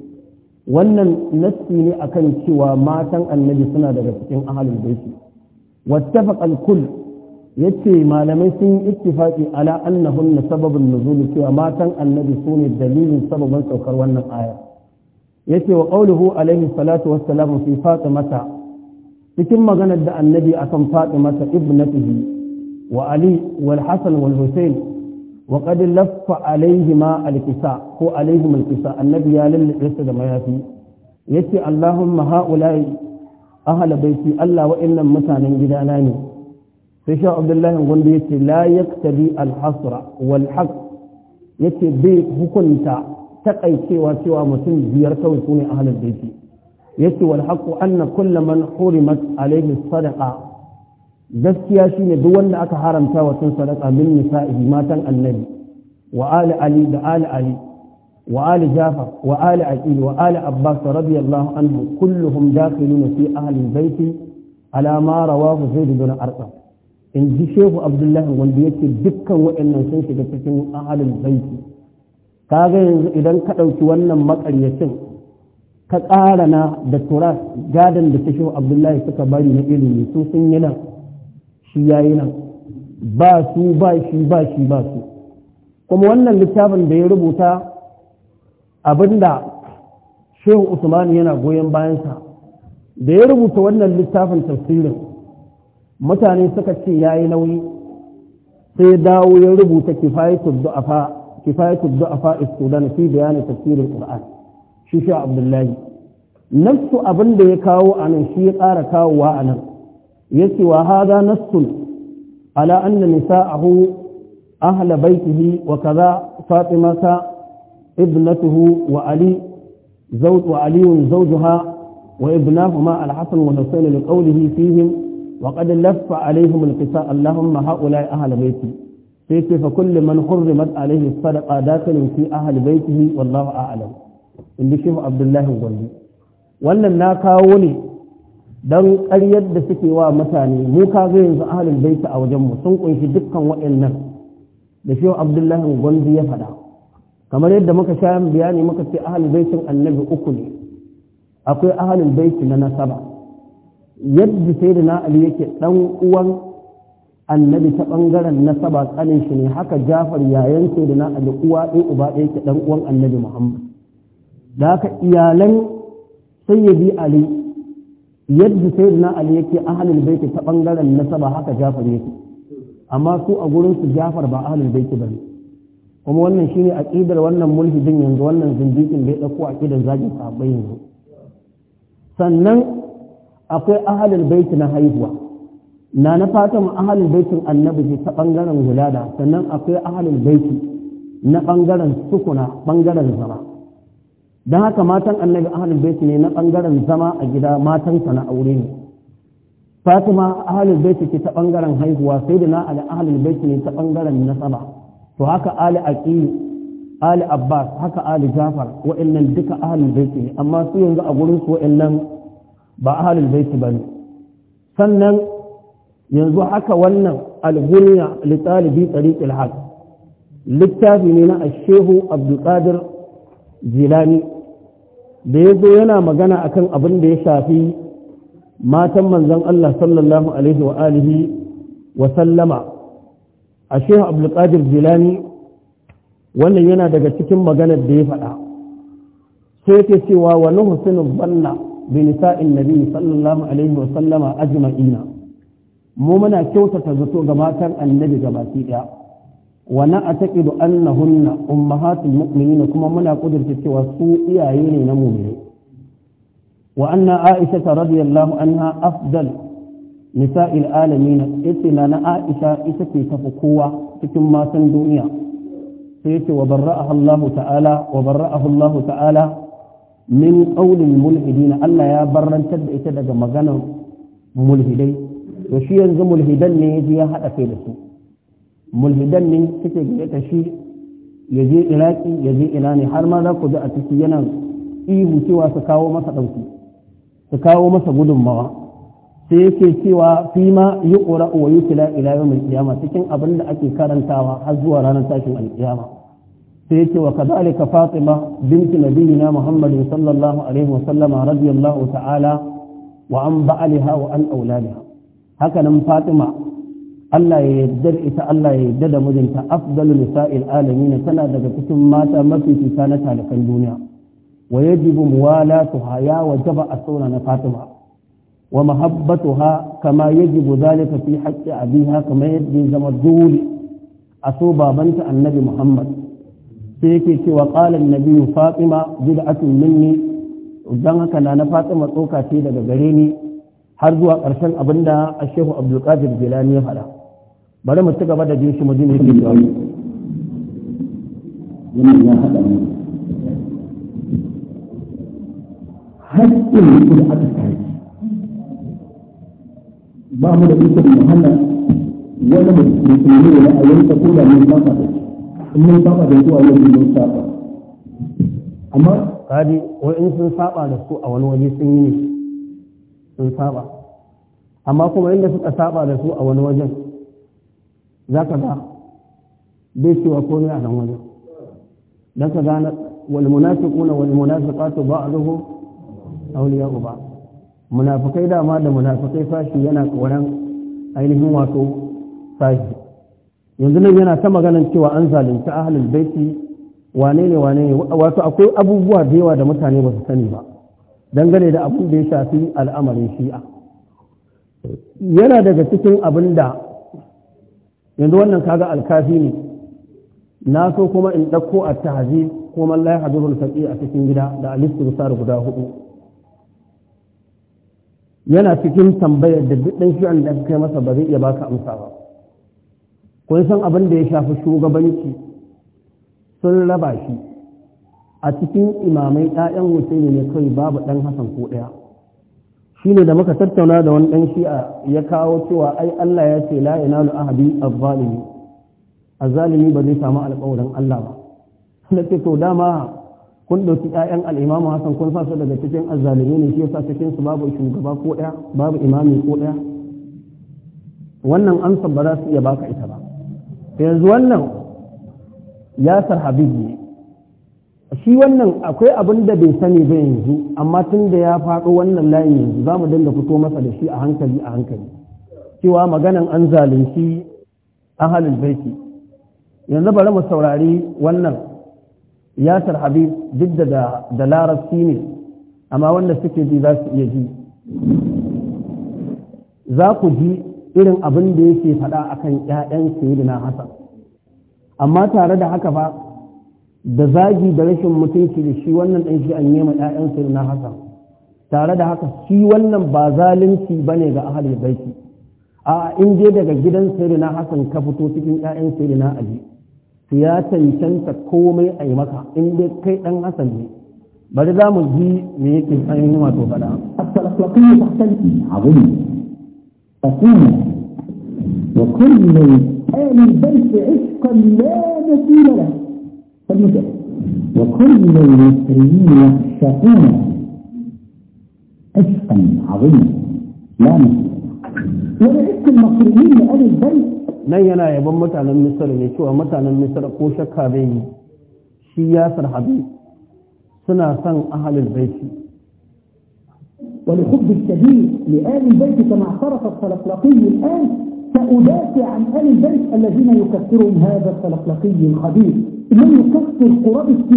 wannan nassi ne akan cewa matan annabi suna daga cikin ahlul baiti wattafaqa al-kull yace malamai sun yi ittifaqi ala annahunna sababun nuzul cewa matan annabi sune dalilin sababin saukar wannan aya yace wa qawluhu alaihi salatu wassalamu fi fatimata cikin maganar da annabi akan fatimata ibnatihi wa ali wal hasan wal husayn wa qad laffa alaihima alkisa ko alaihim alkisa annabi ya lallabe su da mayafi yace allahumma haula'i ahla baiti allah wa'annan mutanen gidana ne sai shan abdullahi gundu ya ce la yaktabi alhasra wal haq ya ce bai hukunta taƙaicewa cewa mutum biyar kawai su ne ahalin baiti ya ce wal anna kulla man hurimat alaihi sadaqa gaskiya shine duk wanda aka haramta wa sun sadaka min nisa'i matan annabi wa ali ali da ali ali wa ali jafar wa ali aqil wa ali abbas radiyallahu anhu kulluhum dakhiluna fi ahli baiti ala ma rawahu zaid bin arqam in ji shehu abdullahi wanda yake dukkan waɗannan sun shiga cikin ahalin baiti kaga yanzu idan ka ɗauki wannan makaryacin ka ƙara na da turas gadon da ta shehu abdullahi suka bari na ilimi su sun yi nan shi ya yi nan ba su ba shi ba shi ba su kuma wannan littafin da ya rubuta abinda shehu usman yana goyon bayansa da ya rubuta wannan littafin tafsirin mutane suka ce ya yi nauyi sai dawo ya rubuta kifayatul du'afa kifayatul du'afa istudan fi bayani tafsirin qur'an shi shi abdullahi nafsu abin da ya kawo a nan shi ya ƙara kawowa a nan ce wa hada nassun ala anna nisa'ahu ahla baitihi wa kaza fatimata ibnatuhu wa ali زوج وعلي زوجها وابناهما الحسن والحسين لقوله فيهم وقد لف عليهم القصاء اللهم هؤلاء أهل بيتي سيك فكل من حرمت عليه الصدقة داخل في أهل بيته والله أعلم إن بشيف عبد الله غني wannan na kawo ne don ƙaryar da suke wa mutane mu ka ga yanzu ahalin baita a wajenmu sun kunshi dukkan waɗannan da shehu abdullahi Gwanzi ya faɗa kamar yadda muka sha bayani muka ce ahalin baitin annabi uku ne akwai ahalin baiti na nasaba yadda sai da na ali yake ɗan uwan annabi ta ɓangaren saba tsanin shi ne haka jafar yayan sai da na ali uwa ɗin uba ɗaya ke ɗan uwan annabi muhammad da haka iyalan sayyidi ali yadda sai da na ali yake ahalin baiti ta ɓangaren na saba haka jafar yake amma su a gurin su jafar ba ahalin baiti ba ne kuma wannan shi ne aƙidar wannan mulhidin yanzu wannan zindikin da ya ɗauko aƙidar zagin sahabbai yanzu sannan akwai ahalin baiti na haihuwa na na fatan ahalin baitin annabi ta bangaren wulada sannan akwai ahalin baiti na bangaren sukuna bangaren zama don haka matan annabi ahalin baiti ne na bangaren zama a gida matansa na aure ne fatima ahalin baiti ce ta bangaren haihuwa sai da na ali ahalin baiti ne ta bangaren nasaba to haka ali aqil ali abbas haka ali jafar wa'annan duka ahalin baiti ne amma su yanzu a gurin su wa'annan ba ahalul baiti bane sannan yanzu haka wannan al gunya li talibi tariqil haq littafi ne na ashehu abdul qadir jilani da yazo yana magana akan abin da ya shafi matan manzon Allah sallallahu alaihi wa alihi wa sallama ashehu abdul qadir jilani wannan yana daga cikin maganar da ya faɗa sai ta cewa wa nuhsinu dhanna بنساء النبي صلى الله عليه وسلم أجمعين mu muna kyautata zato ga matan annabi da gabaki daya wa na ataqidu annahunna ummahatul mu'minin kuma muna kudurta cewa su iyaye ne na mu'mini wa anna aisha radiyallahu anha afdal nisa'il alamin ita na aisha ita ce tafi kowa cikin matan duniya sai ce wa barra'aha Allah ta'ala wa Allah ta'ala min ƙaunin mulhidin Allah ya barrantar da ita daga maganar mulhidai to shi yanzu mulhidan ne yaji ya haɗa kai da su mulhidan ne kake gida ta shi ya je iraki ya je ina ne har ma za ku ji a ciki yana ihu cewa su kawo masa ɗauki su kawo masa gudunmawa sai yake cewa fi ma yi ƙura wa yi kila ila yau mai cikin abin da ake karantawa har zuwa ranar tashin alkiyama sai ce wa kadhalika fatima binti nabiyina muhammad sallallahu alaihi wa radiyallahu ta'ala wa an ba'aliha wa an auladiha haka nan fatima Allah ya yarda da ita Allah ya yarda da mijinta afdalu nisa'il alamin tana daga cikin mata mafi cuta na talakan duniya wa yajibu muwalatuha ya wajaba a sauna na fatima wa mahabbatuha kama yajibu zalika fi haqqi abiha kama yadda zama dole a so babanta annabi muhammad sai yake cewa qalan nabiyyu fatima bid'atun minni dan haka na na fatima tsoka ce daga gare ni har zuwa ƙarshen abinda a abdul qadir jilani ya faɗa bari mu ci gaba da jin shi mu ji ne yake cewa ya haɗa da aka kai ba mu da ikon muhammad wani mutum ne a yanka ko da mun ba ka da shi in mun saba da zuwa yau mun saba amma kadi wai in sun saba da su a wani waje sun yi ne sun saba amma kuma inda suka saba da su a wani wajen za ka ga bai cewa komai a nan wajen don ka gane والمنافقون والمنافقات بعضهم أولياء بعض munafikai dama da munafikai fashi yana kawaran ainihin wato fashi yanzu nan yana ta maganin cewa an zalunci ahlul baiti wane ne wane ne wato akwai abubuwa da yawa da mutane ba su sani ba dangane da abin da ya shafi al'amarin shi'a yana daga cikin abin da yanzu wannan kaga alkafi ne na so kuma in ɗauko a tahazi ko mallaya hajjurul faƙi a cikin gida da alistu sar guda hudu yana cikin tambayar da duk ɗan shi'an da kai masa ba zai iya baka amsa ba kun san abin da ya shafi shugabanci sun raba shi a cikin imamai ɗayan husaini ne kai babu ɗan hasan ko ɗaya shi ne da muka tattauna da wani ɗan shi'a ya kawo cewa ai allah ya ce la yanalu ahadi azzalimi azzalimi ba zai samu alƙawarin allah ba na ce to dama kun ɗauki ƴaƴan al'imamu hasan kun sa su daga cikin azzalimi ne shi yasa cikin su babu shugaba ko ɗaya babu imami ko ɗaya wannan amsa ba za su iya baka ita ba yanzu wannan yasar habib ne shi wannan akwai abin da bai sani ba yanzu amma tun da ya faɗo wannan layin yanzu za mu dinga fito masa da shi a hankali a hankali cewa maganan an zalunci halin baiti yanzu bari mu saurari wannan yasar habib duk da da larabci ne amma wanda suke ji za su iya ji za ku ji irin abin da yake faɗa akan ƴaƴan na Hassan amma tare da haka ba da zagi da rashin mutunci da shi wannan ɗan shi an yema ƴaƴan na Hassan tare da haka shi wannan ba zalunci ne ga ahalin baiki. a in je daga gidan na Hassan ka fito cikin ƴaƴan na Ali to ya cancanta komai a yi maka in dai kai ɗan Hassan ne bari za mu ji me yake tsayin wato faɗa. Asalafiya abu ne أقول وكل آل البيت عشقا لا نسيل له فالمجد وكل المصريين يعشقون عشقا عظيما لا له ولعشق المصريين لآل البيت nan yana yaban mutanen misir مصر cewa mutanen misir مصر قوشك هذه yi shi سنة habi أهل البيت ولحب الكبير لآل البيت كما اعترف الفلقلقي الآن سأدافع عن آل البيت الذين يكثرهم هذا الفلقلقي الخبير من يكثر قرابة 90%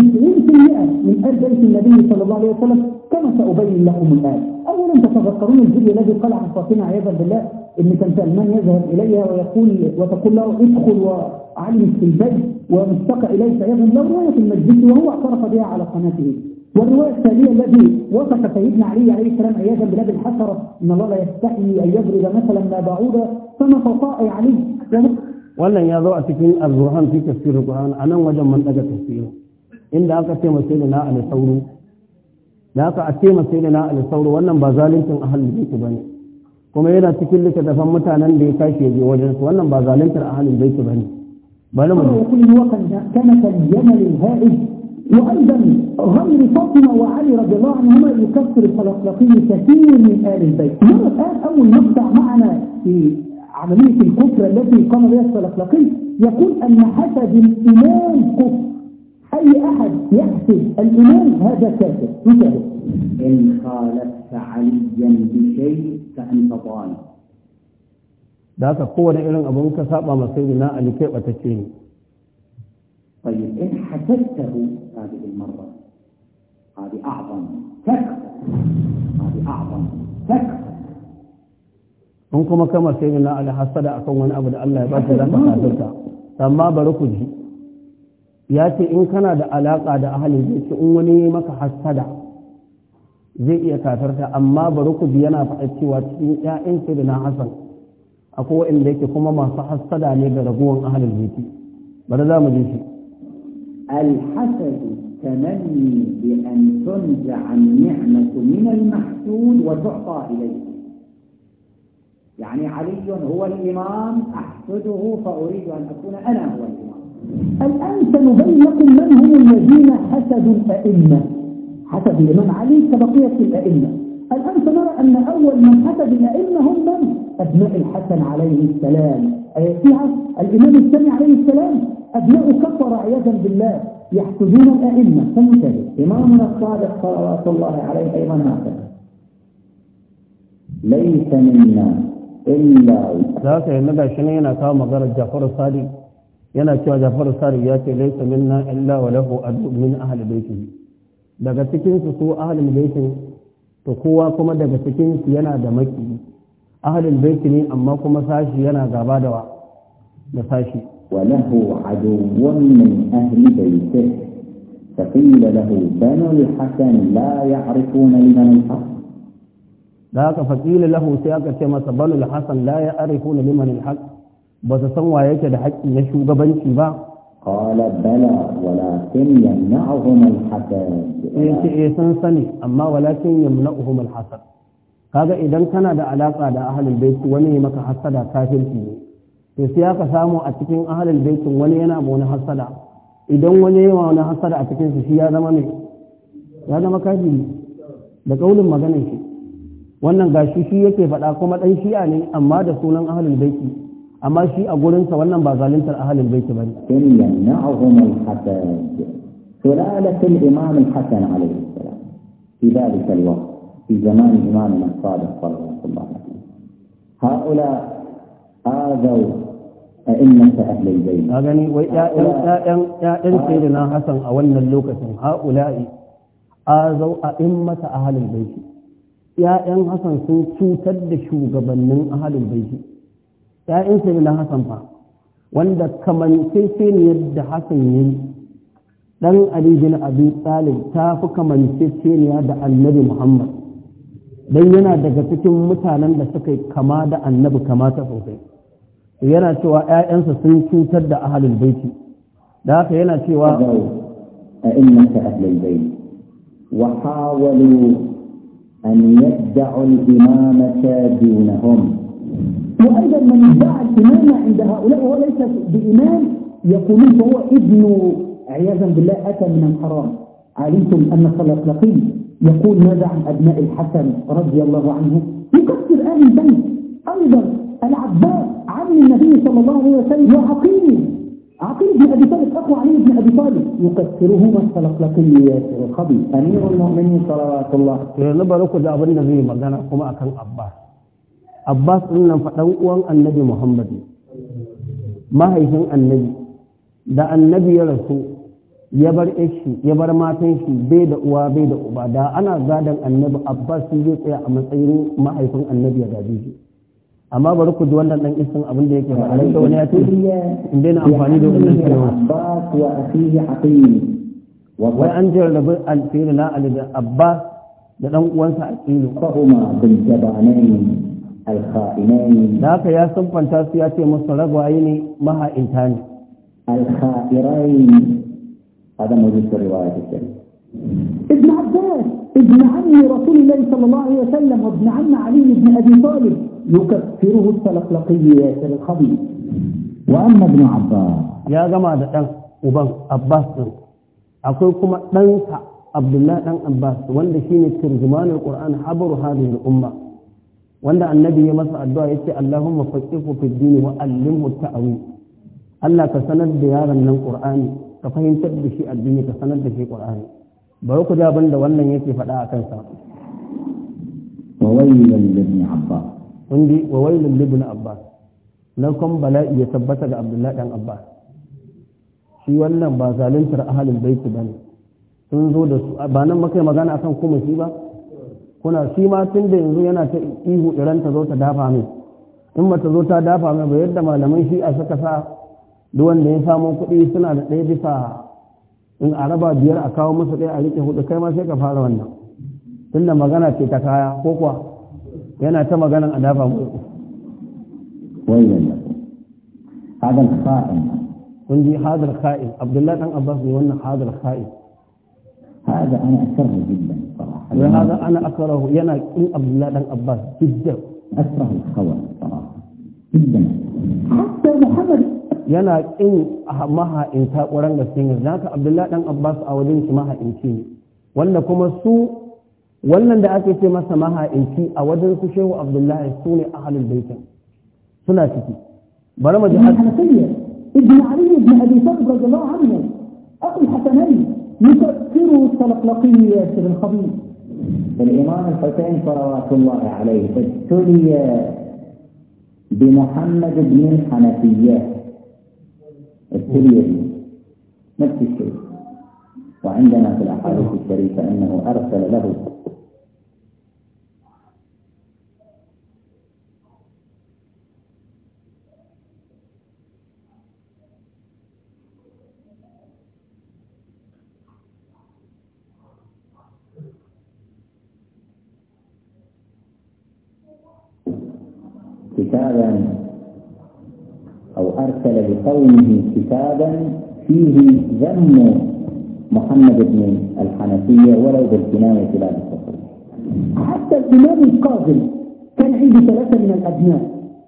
من آل بيت النبي صلى الله عليه وسلم كما سأبين لكم الآن أولا تتذكرون الفيديو الذي قال عن فاطمة عياذا بالله إن كان سلمان يذهب إليها ويقول وتقول له ادخل وعلم في البيت ومستقى إليه سيذهب له رؤية المجلس وهو اعترف بها على قناته والرواية الثانية الذي وصف سيدنا علي عليه السلام عياذا بلاد الحسرة إن الله لا يستحي أن يضرب مثلا ما بعودة فما فصائي عليه ولا يا ذو أتكين الزرحان في تفسير القرآن أنا وجم من أجل تفسيره إن لا أتيم سيدنا على الثور لا أتيم سيدنا على الثور وأنا بازالين كن أهل البيت بني كما yana cikin lika da san mutanen da ya tashi ya wajen su wannan ba zalintar ahalin baiti bane bale mu ne وأيضا غير فاطمة وعلي رضي الله عنهما يكفر الخلقلقي كثير من آل البيت نرى الآن أول مقطع معنا في عملية الكفر التي قام بها الخلقلقي يقول أن حسد الإمام كفر أي أحد يحسد الإمام هذا كافر مثاله إن خالفت عليا بشيء فأنت ضال da haka kowane irin abin ka saba masai na alikai batacce ne طيب إن حسدته هذه المرة هذه أعظم تكفى هذه أعظم تكفى in kuma kama sai na ala hasada akan wani abu da Allah ya ba za ta kasarta amma bari ku ji ya ce in kana da alaƙa da ahalin zai ce in wani yi maka hasada zai iya kasarta amma bari ku ji yana faɗa cewa cikin ƴaƴan sai na Hassan akwai waɗanda yake kuma masu hasada ne ga raguwan ahalin zai bari za mu ji shi الحسد تمني بأن تنزع النعمة من المحسود وتعطى إليه يعني علي هو الإمام أحسده فأريد أن أكون أنا هو الإمام الآن سنبين لكم من هم الذين حسدوا الأئمة حسد الإمام علي كبقية الأئمة الآن سنرى أن أول من حسد الأئمة هم من؟ أبناء الحسن عليه السلام فيها الإمام الثاني عليه السلام أبناء كفر عياذا بالله يحسدون الأئمة فانتهي إمامنا الصادق صلوات الله عليه أيضا هكذا ليس منا إلا ذاك النبي عشان هنا كان مغار جعفر الصادق yana cewa Jafar Sari ياتي ليس منا إلا وله wa من أهل بيته daga cikin su su ahli baitin to kowa kuma daga cikin su yana da maki ahalin baiti ne amma kuma sashi yana gaba da wa da sashi وله عدو من أهل بيته فقيل له بنو الحسن لا يعرفون لمن الحق ذاك فقيل له سياك كما بنو الحسن لا يعرفون لمن الحق بتسوى يكد حق يشو بنشي با قال بلى ولكن يمنعهم الحسد إيه سنسني أما ولكن يمنعهم الحسد kaga idan kana da alaka da ahlul bait wani ya maka hasada kafirci ne to sai aka samu a cikin ahlul bait wani yana ma wani hasada idan wani yana wani hasada a cikin shi ya zama mai ya zama kafiri da kaulin maganar shi wannan gashi shi yake faɗa kuma ɗan shi'a ne amma da sunan ahlul bait amma shi a gurinsa wannan ba zaluntar ahlul bait bane in yamna'uhum al-hasad sulalatu al-imam al-hasan alayhi salam fi dhalika al-waqt في زمان إمامنا الصادق صلى الله عليه وسلم هؤلاء آذوا أئمة أهل البيت أغني ويا إن سيدنا حسن أولنا اللوكة هؤلاء آذوا أئمة أهل البيت يا إن حسن سن تتدشو قبل من أهل البيت يا إن سيدنا حسن فا وندا كمان سيسين يد حسن يد دان علي جن أبي طالب تافو كمان سيسين يد النبي محمد dan yana daga cikin mutanen da suka yi kama da annabi kamata sosai yana cewa ‘ya'yansa sun cutar da ahalul baiti da haka yana cewa أئمة أهل البيت وحاولوا أن يدعوا الإمامة دونهم وأيضا من ادعى الإمامة عند هؤلاء وهو ليس بإمام يقولون هو ابن عياذا بالله أتى من الحرام علمتم أن الخلقلقين يقول ماذا عن أبناء الحسن رضي الله عنه يكسر آل البيت أيضا العباس عم النبي صلى الله عليه وسلم وعقيل عقيل بن أبي طالب أخو علي بن أبي طالب يكسرهما السلقلقي ياسر الخبيث أمير المؤمنين صلوات الله ينبغي لكم ده أبن النبي مردنا كما أكن عباس عباس إن فتوى النبي محمد ما هي النبي ده النبي يرسول ya bar ishi ya bar matan shi bai da uwa bai da uba da ana gadon annabi abbas sun zai tsaya a matsayin mahaifin annabi ya gaji shi amma bari ku ji wannan dan isin abin da yake faɗa da wani ya ce in daina amfani da wannan kalma abbas wa akhihi aqil wai an jira da bin alfiri na ali da abbas da dan uwansa aqil fahuma bil jabanain alkha'inain da ka ya sunfanta su ya ce musu ragwaye ne maha'inta ne alkha'irain هذا موجود في الرواية الشريفة ابن عباس ابن عم رسول الله صلى الله عليه وسلم وابن عم علي بن أبي طالب يكفره ياسر الخبيث وأما ابن عباس يا جماعة دان وبان عباس أقول لكم دانسا عبد الله دان عباس وان شيني ترجمان القرآن حبر هذه الأمة وان النبي يمسع الدعاء يتي اللهم فقهه في الدين وعلمه التأويل الله كسند بيارا من القرآن ka fahimtar da shi addini ka sanar da shi ƙwararri bari ku ja da wannan yake faɗa a kansa wawailun na abba na abba Na bala'i ya tabbata ga abdullahi Ɗan abba shi wannan ba zaluntar ahalin baiti bane sun zo da su ba nan makai magana akan kuma shi ba kuna shi ma tun da yanzu yana ta ihu iran ta zo ta dafa min in ta zo ta dafa min ba yadda malaman shi a suka sa duk wanda ya samu kuɗi suna da ɗaya bisa in a raba biyar a kawo musu ɗaya a riƙe hudu kai ma sai ka fara wannan tunda magana ce ta kaya ko kuwa yana ta maganan a dafa mu wayyan hadal kha'in kun ji hadal kha'in abdullahi dan abbas ne wannan hadal kha'in هذا انا اكره جدا صراحه وهذا انا اكره ينا ان عبد الله بن عباس جدا اكره الخوان صراحه جدا حتى محمد yana ƙin maha'inta ƙwarar gaske ne za ka abdullahi ɗan abbas a wajen shi maha'inci ne wanda kuma su wannan da ake ce masa maha'inci a wajen su shehu abdullahi su ne a ahalul baitin suna ciki bari mu ji ابن علي بن ابي طالب رضي الله عنه اخو الحسنين يفكره التلقلقيه بن الخبيب الإمام الحسين صلوات الله عليه ابتلي بمحمد بن الحنفية السريري نفس الشيء وعندنا في الأحاديث الشريفة أنه أرسل له كتابا أو أرسل لقومه كتابا فيه ذم محمد بن الحنفية ولو بالكناية لا بالتصريح حتى الإمام القاضي كان عنده ثلاثة من الأبناء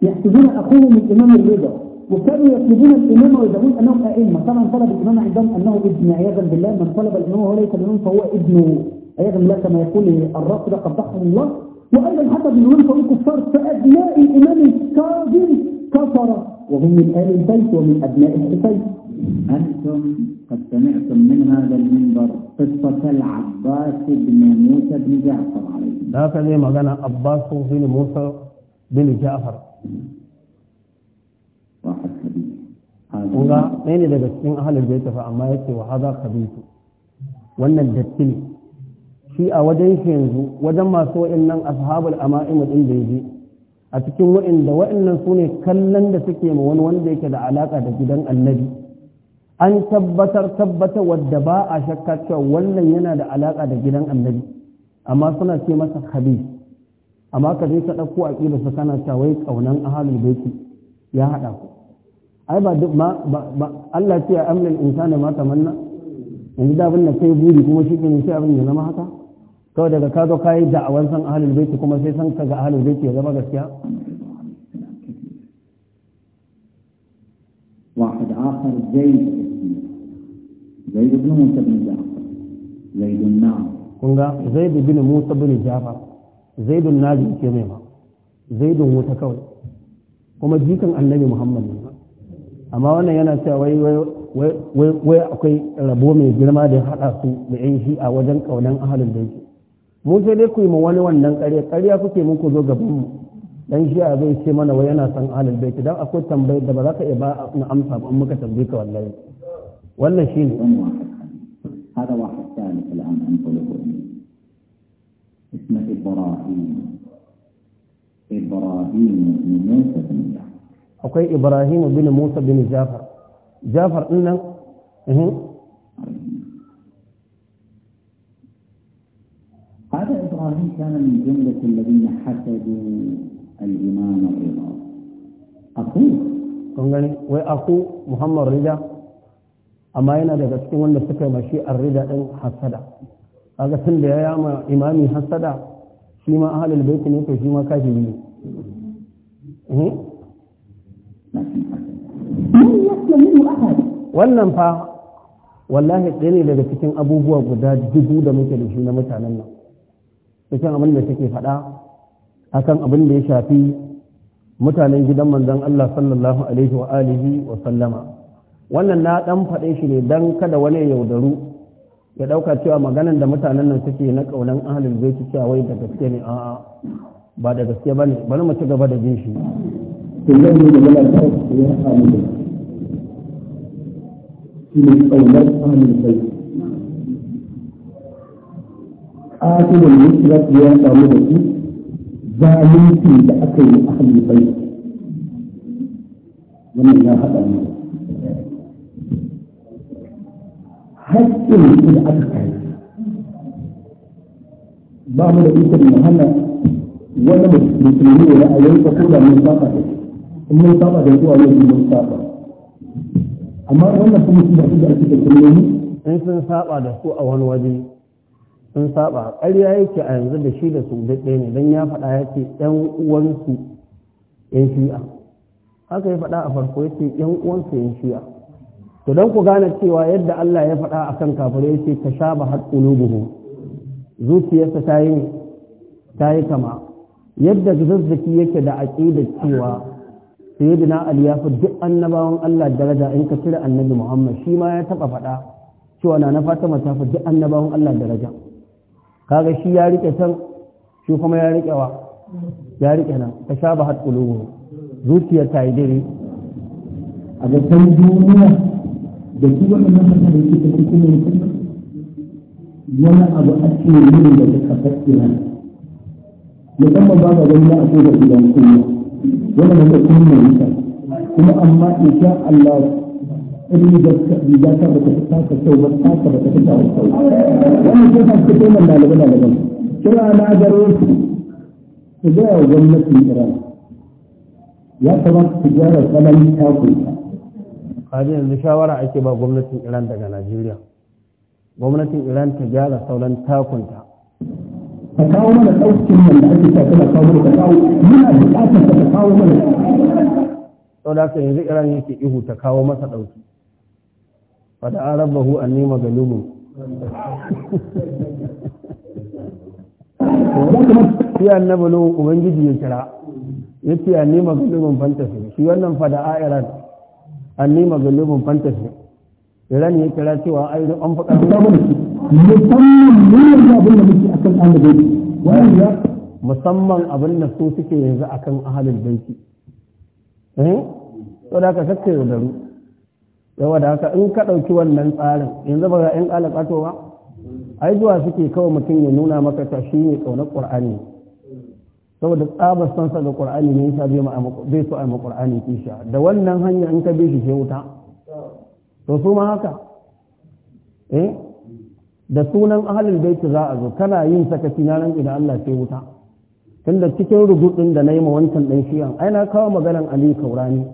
أخوه أخوهم الإمام الرضا وكانوا يطلبون الإمام ويزعمون أنهم أئمة طبعا طلب الإمام عندهم أنه ابن عياذا بالله من طلب الإمام وليس الإمام فهو ابنه عياذا بالله كما يقول الرافضة قبضهم الله وأن الحسن بن هرم فوق الكفار فأبناء الإمام الكاظم كفر وهم من آل البيت ومن أبناء الحسين أنتم قد سمعتم من هذا المنبر قصة العباس بن موسى بن جعفر عليه ذاك اليوم أنا عباس بن موسى بن جعفر واحد خبيث هذا إذا من أهل البيت فأما يكفي وهذا خبيث وأن الدتين shi a wajen shi yanzu wajen masu wa'annan ashabul ama'im din da yaji a cikin wa'anda wa'annan sune kallon da suke ma wani wanda yake da alaka da gidan annabi an tabbatar tabbata wadda ba a shakka cewa wannan yana da alaka da gidan annabi amma suna ce masa khabith amma ka je ka dauko aqida su kana cewa wai kaunan ahlul baiti ya haɗa ku ai ba duk ma Allah ce ya amlal insana ma tamanna yanzu da abin da kai buri kuma shi ne sai abin ya zama haka kawai daga ka zo ka yi da'awan san ahalul baiti kuma sai san ka ga ahalul baiti ya zama gaskiya واحد آخر زيد زيد بن موسى بن جعفر زيد الناجي kunga زيد بن موسى بن جعفر زيد الناجي كميما زيد متكوي kuma jikan annabi muhammad ne amma wannan yana cewa wai akwai rabo mai girma da haɗa su da yan shi'a wajen ƙaunan ahalin da mu je dai ku yi mu wani wannan ƙarya ƙarya kuke mun ku zo gaban mu dan shi a zai ce mana wai yana san ahlul bait dan akwai tambayar da ba za ka iya ba na amsa ba in muka tambaye ka wallahi wannan shi shine هذا واحد ثالث الآن أنقله اسمه إبراهيم إبراهيم بن موسى بن جعفر أوكي إبراهيم بن موسى بن جعفر جعفر إنه هذا إبراهيم كان من جملة الذين حسدوا الإمام الرضا أخوه kun gani wai aku muhammad rida amma yana daga cikin wanda suka yi mashi an rida ɗin hasada kaga tun da ya yama imami hasada shi ma ahalul baiti ne to shi ma kafiri ne wannan fa wallahi ɗaya ne daga cikin abubuwa guda dubu da muke da shi na mutanen nan cikin abin da suke faɗa kan abin da ya shafi mutanen gidan manzan Allah sallallahu alaihi wa wa sallama wannan na ɗan faɗe shi ne don kada wani yaudaru ya ɗauka cewa maganan da mutanen nan suke na ƙaunan ahalin ci cewa wai da gaske ne a'a ba da gaske ba ne bari mu ci gaba da jin shi shi ne ƙaunar ahalin ƙasirin musulat ya samu da shi zalunci da aka yi a halibai wannan ya haɗa ne haƙƙin su da aka kai ba mu da ikon mu hana wani musulmi ne a yanka ko mun saba da mun saba da zuwa yau mun saba amma su da su da da su a wani sun saba ƙarya yake a yanzu da shi da su daɗe ne don ya faɗa ya ce ‘yan uwansu ‘yan shi'a haka ya faɗa a farko ya ce ‘yan uwansu ‘yan shi'a to don ku gane cewa yadda Allah ya faɗa a kan kafirai ya ce ka sha ba har ƙulubuhu zuciyarsa ta yi ta yi kama yadda zazzaki yake da aƙida cewa sayyidina Ali ya fi duk annabawan Allah daraja in ka cire annabi Muhammad shi ma ya taɓa faɗa cewa na na fata mata fi duk annabawan Allah daraja kaga shi ya rike can shi kuma ya rike wa ya rike nan ta sha ba kulubu zuciyar ta yi dare a ga san duniya da shi wannan masa da yake da kuma yana abu a cikin yin da ta kafar musamman ba ga wani na aso da idan kuma yana da kuma mai kuma amma insha Allah in da ta ba ta ta kyau ba ta ba ta ta kyau jefa su cikin nan dalibai dalibai kira na gare su su ga wa gwamnatin iran ya kamata su gyara tsananin takunta kaji yanzu shawara ake ba gwamnatin iran daga najeriya gwamnatin iran ta gyara sauran takunta ka kawo mana ɗaukin nan da ake tafi na kawo ka kawo muna buƙatar ka kawo mana sau da haka yanzu iran yake ihu ta kawo masa ɗauki fada an rabbahu an nema galumin sai annabi lo ubangiji ya kira ya ce fantasi shi wannan fada a iran fantasi iran ya kira cewa an faɗa musamman abin da musamman abin da su suke yanzu akan ahalin banki eh to da ka sakkai da daru yawa da haka in ka ɗauki wannan tsarin yanzu ba za ‘yan alaƙato ba ai zuwa suke kawai mutum ya nuna maka ta shi ne ƙaunar ƙur'ani saboda tsabar sansa ga ƙur'ani ne yasa bai so a yi ƙur'ani kisha da wannan hanya in ka bi shi ke wuta to su ma haka eh da sunan ahalin baiti za a zo kana yin sakaci na ran idan Allah sai wuta tunda cikin rubutun da na yi ma wancan ɗan shi'an, ai na kawo maganan Ali Kaurani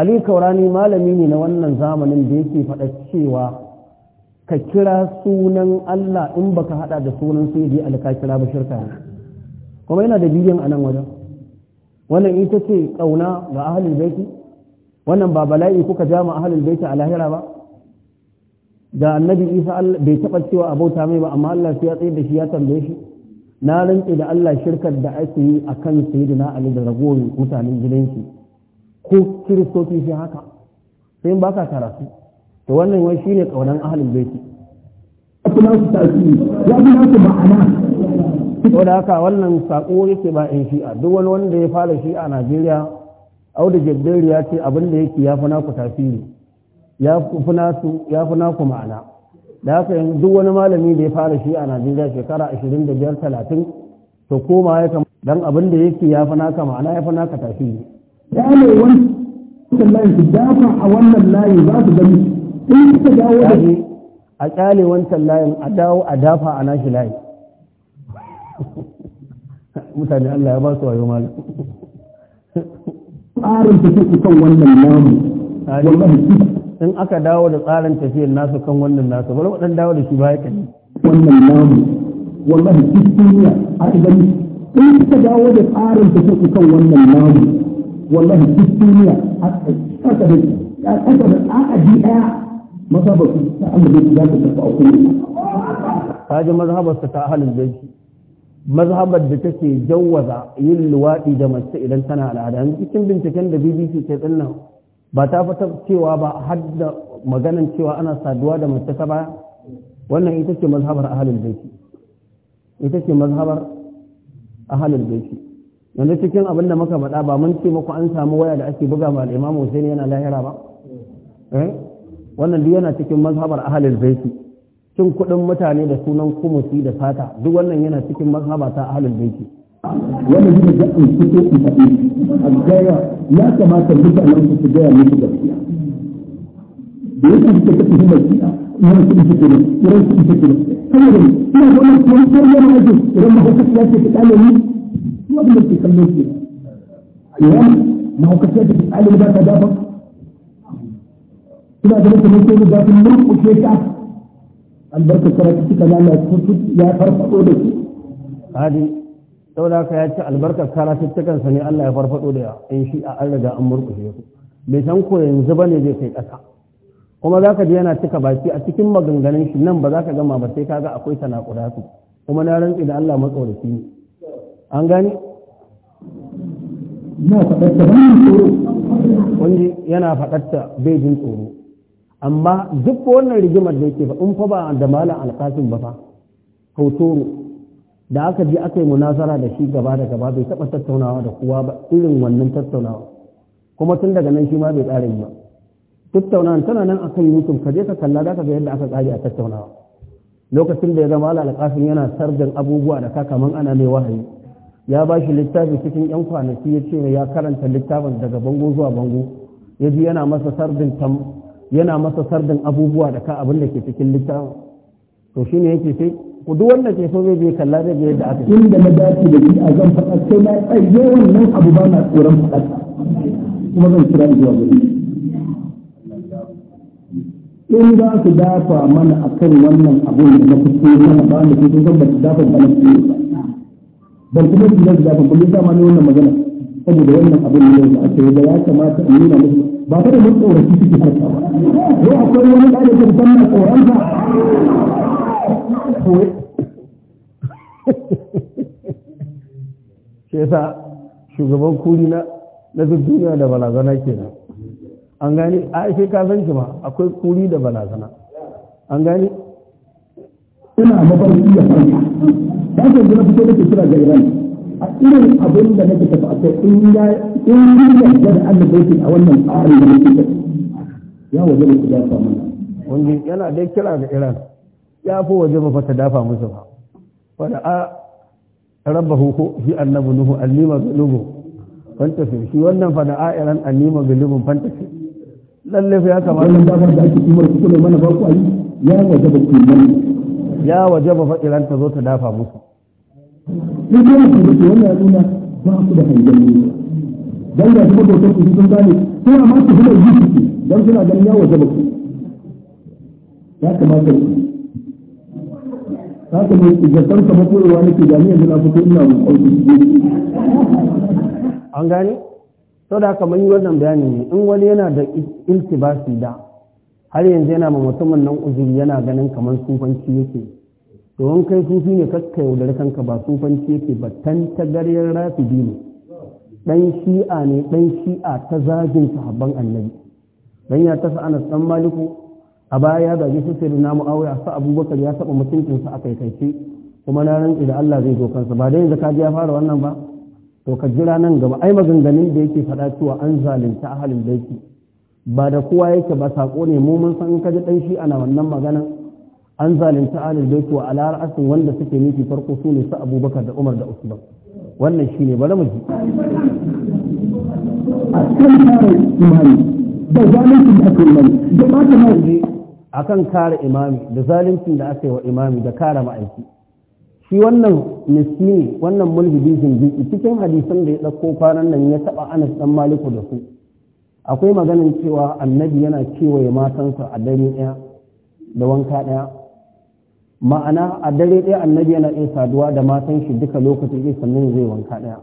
ali kaurani malami ne na wannan zamanin da yake faɗa cewa ka kira sunan allah in baka haɗa da sunan sai dai alka kira ba shirka kuma yana da bidiyon a nan wajen wannan ita ce ƙauna ga ahalin baiti wannan ba bala'i kuka ja ma ahalin baiti a lahira ba da annabi isa bai taɓa cewa abota mai ba amma allah sai ya tsaye da shi ya tambaye shi na rantse da allah shirkar da ake yi a kan sayyidina ali da ragowar mutanen shi. ko kiristoci shi haka sai in baka karatu to wannan wai shine kaunan ahlul baiti kuma su ya su ma'ana da haka wannan saƙo yake ba in shi'a duk wani wanda ya fara shi'a a Najeriya Audu Jabbari ya ce abin da yake ya fi naku tasiri ya fi ya fi naku ma'ana da haka yanzu duk wani malami da ya fara shi a Najeriya shekara 25 30 to koma ya kama dan abin da yake ya fi naka ma'ana ya fi naka tasiri kyale wancan layin a wannan dawo a kyale wancan layin a dawo a dafa a nashi layin mutane Allah ya ba su wayo malam tsarin tafi su kan wannan namu in aka dawo da tsarin tafiyar nasu kan wannan nasu bari waɗan dawo da shi baya kan wannan namu wallahi in suka dawo da tsarin tafi su kan wannan namu wallahi duk duniya a ƙasa da a ƙasa da a aji ɗaya mazhabar su ta annabi za ta tafi a kullum ta ji mazhabar su ta ahalin baiti mazhabar da take jawwaza yin luwaɗi da mace idan tana al'ada yanzu cikin binciken da bbc ke tsinnan ba ta fata cewa ba har da maganan cewa ana saduwa da mace ta baya wannan ita mazhabar ita mazhabar yanzu cikin abin da muka faɗa ba mun ce muku an samu waya da ake buga ma al'imamu ne yana lahira ba eh? wannan duk yana cikin mazhabar ahalil baiti cin kuɗin mutane da sunan kumusi da fata duk wannan yana cikin mazhaba ta ahalil baiti wanda zuba da an fito ku faɗi a gaya ya kamata mutanen su su gaya musu gaskiya da yake suke ta fi gaskiya irin su ita kenan irin su ita kenan kawai ina ga wannan su sai yana aiki idan mahaukaci ya ce ta kale kuma da ke kallon ke yawan mahaukaciya da alin ba ta dafa suna da kamar sai da zafin murkushe ta Albarka karatu suka lalata ya farfaɗo da shi. hadi saboda haka ya ce albarkar sa ne Allah ya farfaɗo da in shi a an riga an murkushe su bai san ko yanzu ba ne zai kai ƙasa kuma za ka ji yana cika baki a cikin maganganun shi nan ba za ka gama ba sai ka ga akwai tanakuda su kuma na rantsi da Allah matsaurashi ne an gani wani yana faɗatta bai jin tsoro amma duk wannan rigimar da yake fa in fa ba da malam alƙasin ba fa hautoro da aka je aka yi munazara da shi gaba da gaba bai taɓa tattaunawa da kowa ba irin wannan tattaunawa kuma tun daga nan shi ma bai tsara ba tattaunawa tana nan a yi yusuf ka je ka kalla za ka ga yadda aka tsari a tattaunawa lokacin da ya zama alƙafin yana sarjan abubuwa da ka kaman ana mai wahayi ya ba shi littafi cikin 'yan kwanaki ya ce ya karanta littafin daga bango zuwa bango ya ji yana masa sardin tam yana masa sardin abubuwa da ka abin da ke cikin littafin to shi ne yake sai ku duk wanda ke so zai je kalla zai ga yadda aka yi inda na dace da shi a zan faɗa sai na tsaye wannan abu ba na tsoron faɗa kuma zan kira zuwa gari in za su dafa mana akan wannan abun da na fito mana ba na fito zan ba su dafa ba na fito ba ban kuma su zai ban kuma yasa ma ne wannan magana saboda wannan abin ne da aka yi da ya kamata in nuna musu ba ta da mun tsoraci suke harka ba ko akwai wani da ake san na tsoronta shi yasa shugaban kuri na na duniya da balazana kenan an gani a ka kasan shi ma akwai kuri da balazana an gani ina mafarki ya farka ba ka mafi na fito ke kira ga iran a irin abin da nake tafi a kai in ya in da yarda da ke a wannan tsarin da nake tafi ya waje da ku dafa mana wani yana dai kira ga iran ya fi waje mafi ta dafa musu ba wanda a rabbahu ko fi annabu nuhu allima galubu fantasi shi wannan fa da a iran allima galubun fantasy lalle fa ya kamata da ake kimar kuma mana ba ku ayi ya waje ba ku mana ya waje ba fa'iran ta zo ta dafa musu sai kuma su zuke wannan ya nuna su da hangen nesa dan da kuma dokar su sun gane suna ma su hula yi suke don suna ganin ya waje ba ku ya kamata ku haka ne zartar ka makoyewa nake da ni yanzu na fito ina mun auki an gane Sau da kamar yi wannan bayani ne in wani yana da iltibasi da har yanzu yana ma mutumin nan uzuri yana ganin kamar sufanci yake domin kai sufi ne kakka yaudare kanka ba sufanci yake ba tantagaryar rafidi ne dan shi'a ne dan shi'a ta zagin sahabban annabi dan ya tafi anas dan maliku a baya ya zagi su sai na mu'awiya sa abubakar ya taɓa mutuncinsa a kaikaice kuma na rantsi da Allah zai zo kansa ba dai yanzu ka ya fara wannan ba to ka jira nan gaba ai maganganun da yake faɗa cewa an zalunta ahalin baiti ba da kowa yake ba saƙo ne mu mun san in ka ji dan shi'a na wannan maganan an zalunci alil baiti wa ala ra'asin wanda suke nufi farko su ne su abubakar da umar da usman wannan shine bari mu ji a kan kare imami da zalincin da aka yi wa imami da kare ma'aiki shi wannan miskini wannan mulhidi jiki cikin hadisan da ya ɗauko kwanan nan ya taɓa anas ɗan maliku da su akwai maganin cewa annabi yana kewaye matansa a dare ɗaya da wanka ɗaya ma'ana a dare ɗaya annabi yana iya saduwa da matan shi duka lokaci ɗaya sannan zai wanka ɗaya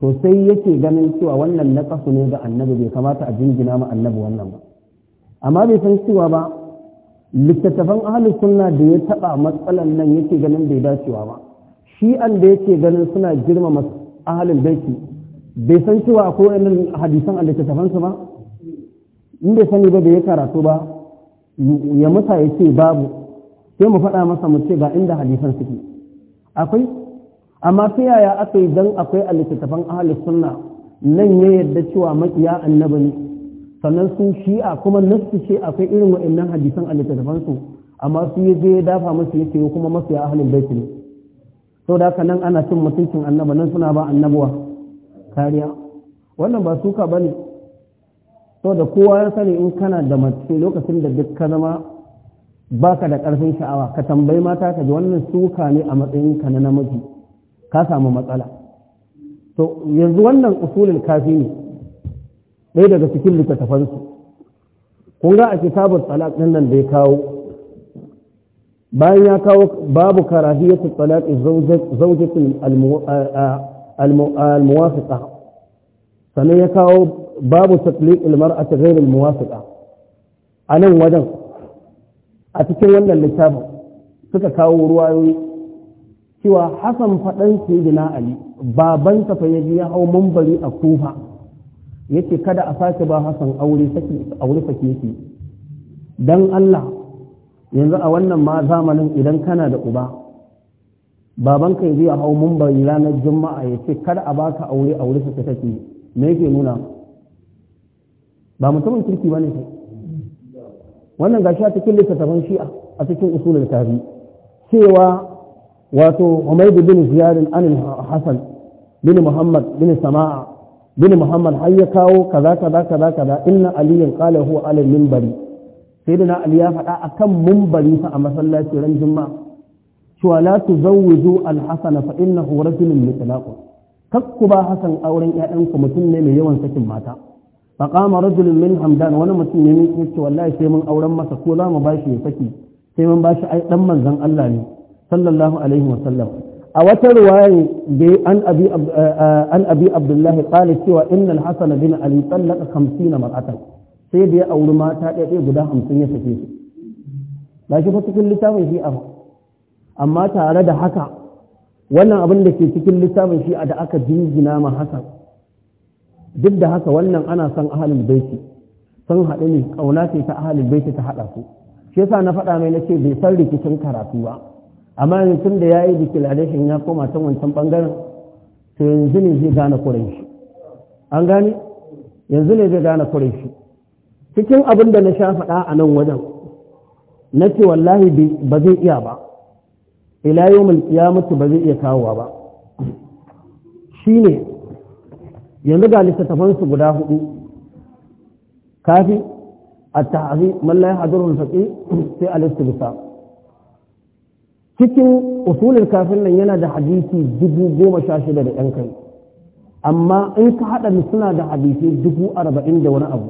to sai yake ganin cewa wannan na ƙasu ne ga annabi bai kamata a jingina ma annabi wannan ba amma bai san cewa ba littattafan ahalin sunna da ya taɓa matsalan nan yake ganin bai dacewa ba shi an da yake ganin suna girmama ahalin baiti bai san cewa akwai wannan hadisan a littattafansu ba in bai sani ba bai ya karatu ba ya mutaye ya ce babu sai mu faɗa masa mu ce ga inda hadisan suke akwai amma sai yaya aka yi don akwai a littattafan ahli sunna nan ya yarda cewa makiya annabi ne sannan sun shi'a kuma nasu ce akwai irin wa'annan hadisan a littattafan su amma su ya je ya dafa masu ya ce kuma masu ya ahlul baiti ne to da haka nan ana cin mutuncin annaba nan suna ba annabuwa kariya wannan ba suka bane to da kowa ya sani in kana da mace lokacin da duk ka zama ba ka da ƙarfin sha'awa ka tambayi mata ka ji wannan suka ne a matsayin ka na namiji ka samu matsala to yanzu wannan usulin kafi ne ɗaya daga cikin littattafansu kun ga a kitabun talaq ɗin nan da ya kawo bayan ya kawo babu karahiyatu talaqi zawjatin almuwafiqa sannan ya kawo babu tatliq almar'ati ghayr almuwafiqa a nan wajen a cikin wannan littafin suka kawo ruwayoyi cewa hasan faɗan sayyidina ali babansa fa ya ya hau mambari a kufa yace kada a sake ba hasan aure saki aure saki dan Allah yanzu a wannan ma zamanin idan kana da uba babanka ya ya hau mambari ranar juma'a ya ce kada a baka aure aure saki saki me yake nuna ba mutumin kirki bane kai wannan gashi a cikin littattafan shi'a a cikin usulul kafi cewa wato Umayd bin Ziyad an Hasan bin Muhammad bin Sama'a bin Muhammad har ya kawo kaza kaza kaza kaza inna aliyin qala huwa ala minbari sai da Ali ya faɗa akan minbari sa a masallaci ran juma'a cewa la tuzawwiju al-hasan fa innahu rajulun mutlaq kakku ba hasan auren ƴaƴanku mutum ne mai yawan sakin mata فقام رجل من حمدان وانا mutum ne mai yace wallahi sai mun auren masa ko za mu bashi ya saki sai mun bashi ai dan manzon Allah ne sallallahu alaihi wasallam a wata riwaya da an abi an abi abdullah qala cewa innal hasan bin ali tallaqa 50 mar'atan sai da ya auri mata ɗaya guda 50 ya sake su gashi fa cikin littafin shi amma tare da haka wannan abin da ke cikin littafin shi a da aka jingina ma hasan duk da haka wannan ana son ahalin baiti sun haɗu ne ƙauna ce ta ahalin baiti ta haɗa su shi yasa na faɗa mai nace bai san rikicin karatu ba amma yanzu tun da ya yi declaration ya koma can wancan ɓangaren to yanzu ne zai gane kuren shi an gane yanzu ne zai gane kuren shi cikin abin da na sha faɗa a nan wajen na ce wallahi ba zai iya ba ila yau ya mutu ba zai iya kawowa ba shine yanzu ga littattafansu guda hudu kafi التعظيم من لا يحضره الفقيه في bisa. cikin usulin kafin nan yana da hadisi dubu goma sha shida da yan kai amma in ka haɗa suna da hadisi dubu arba'in da wani abu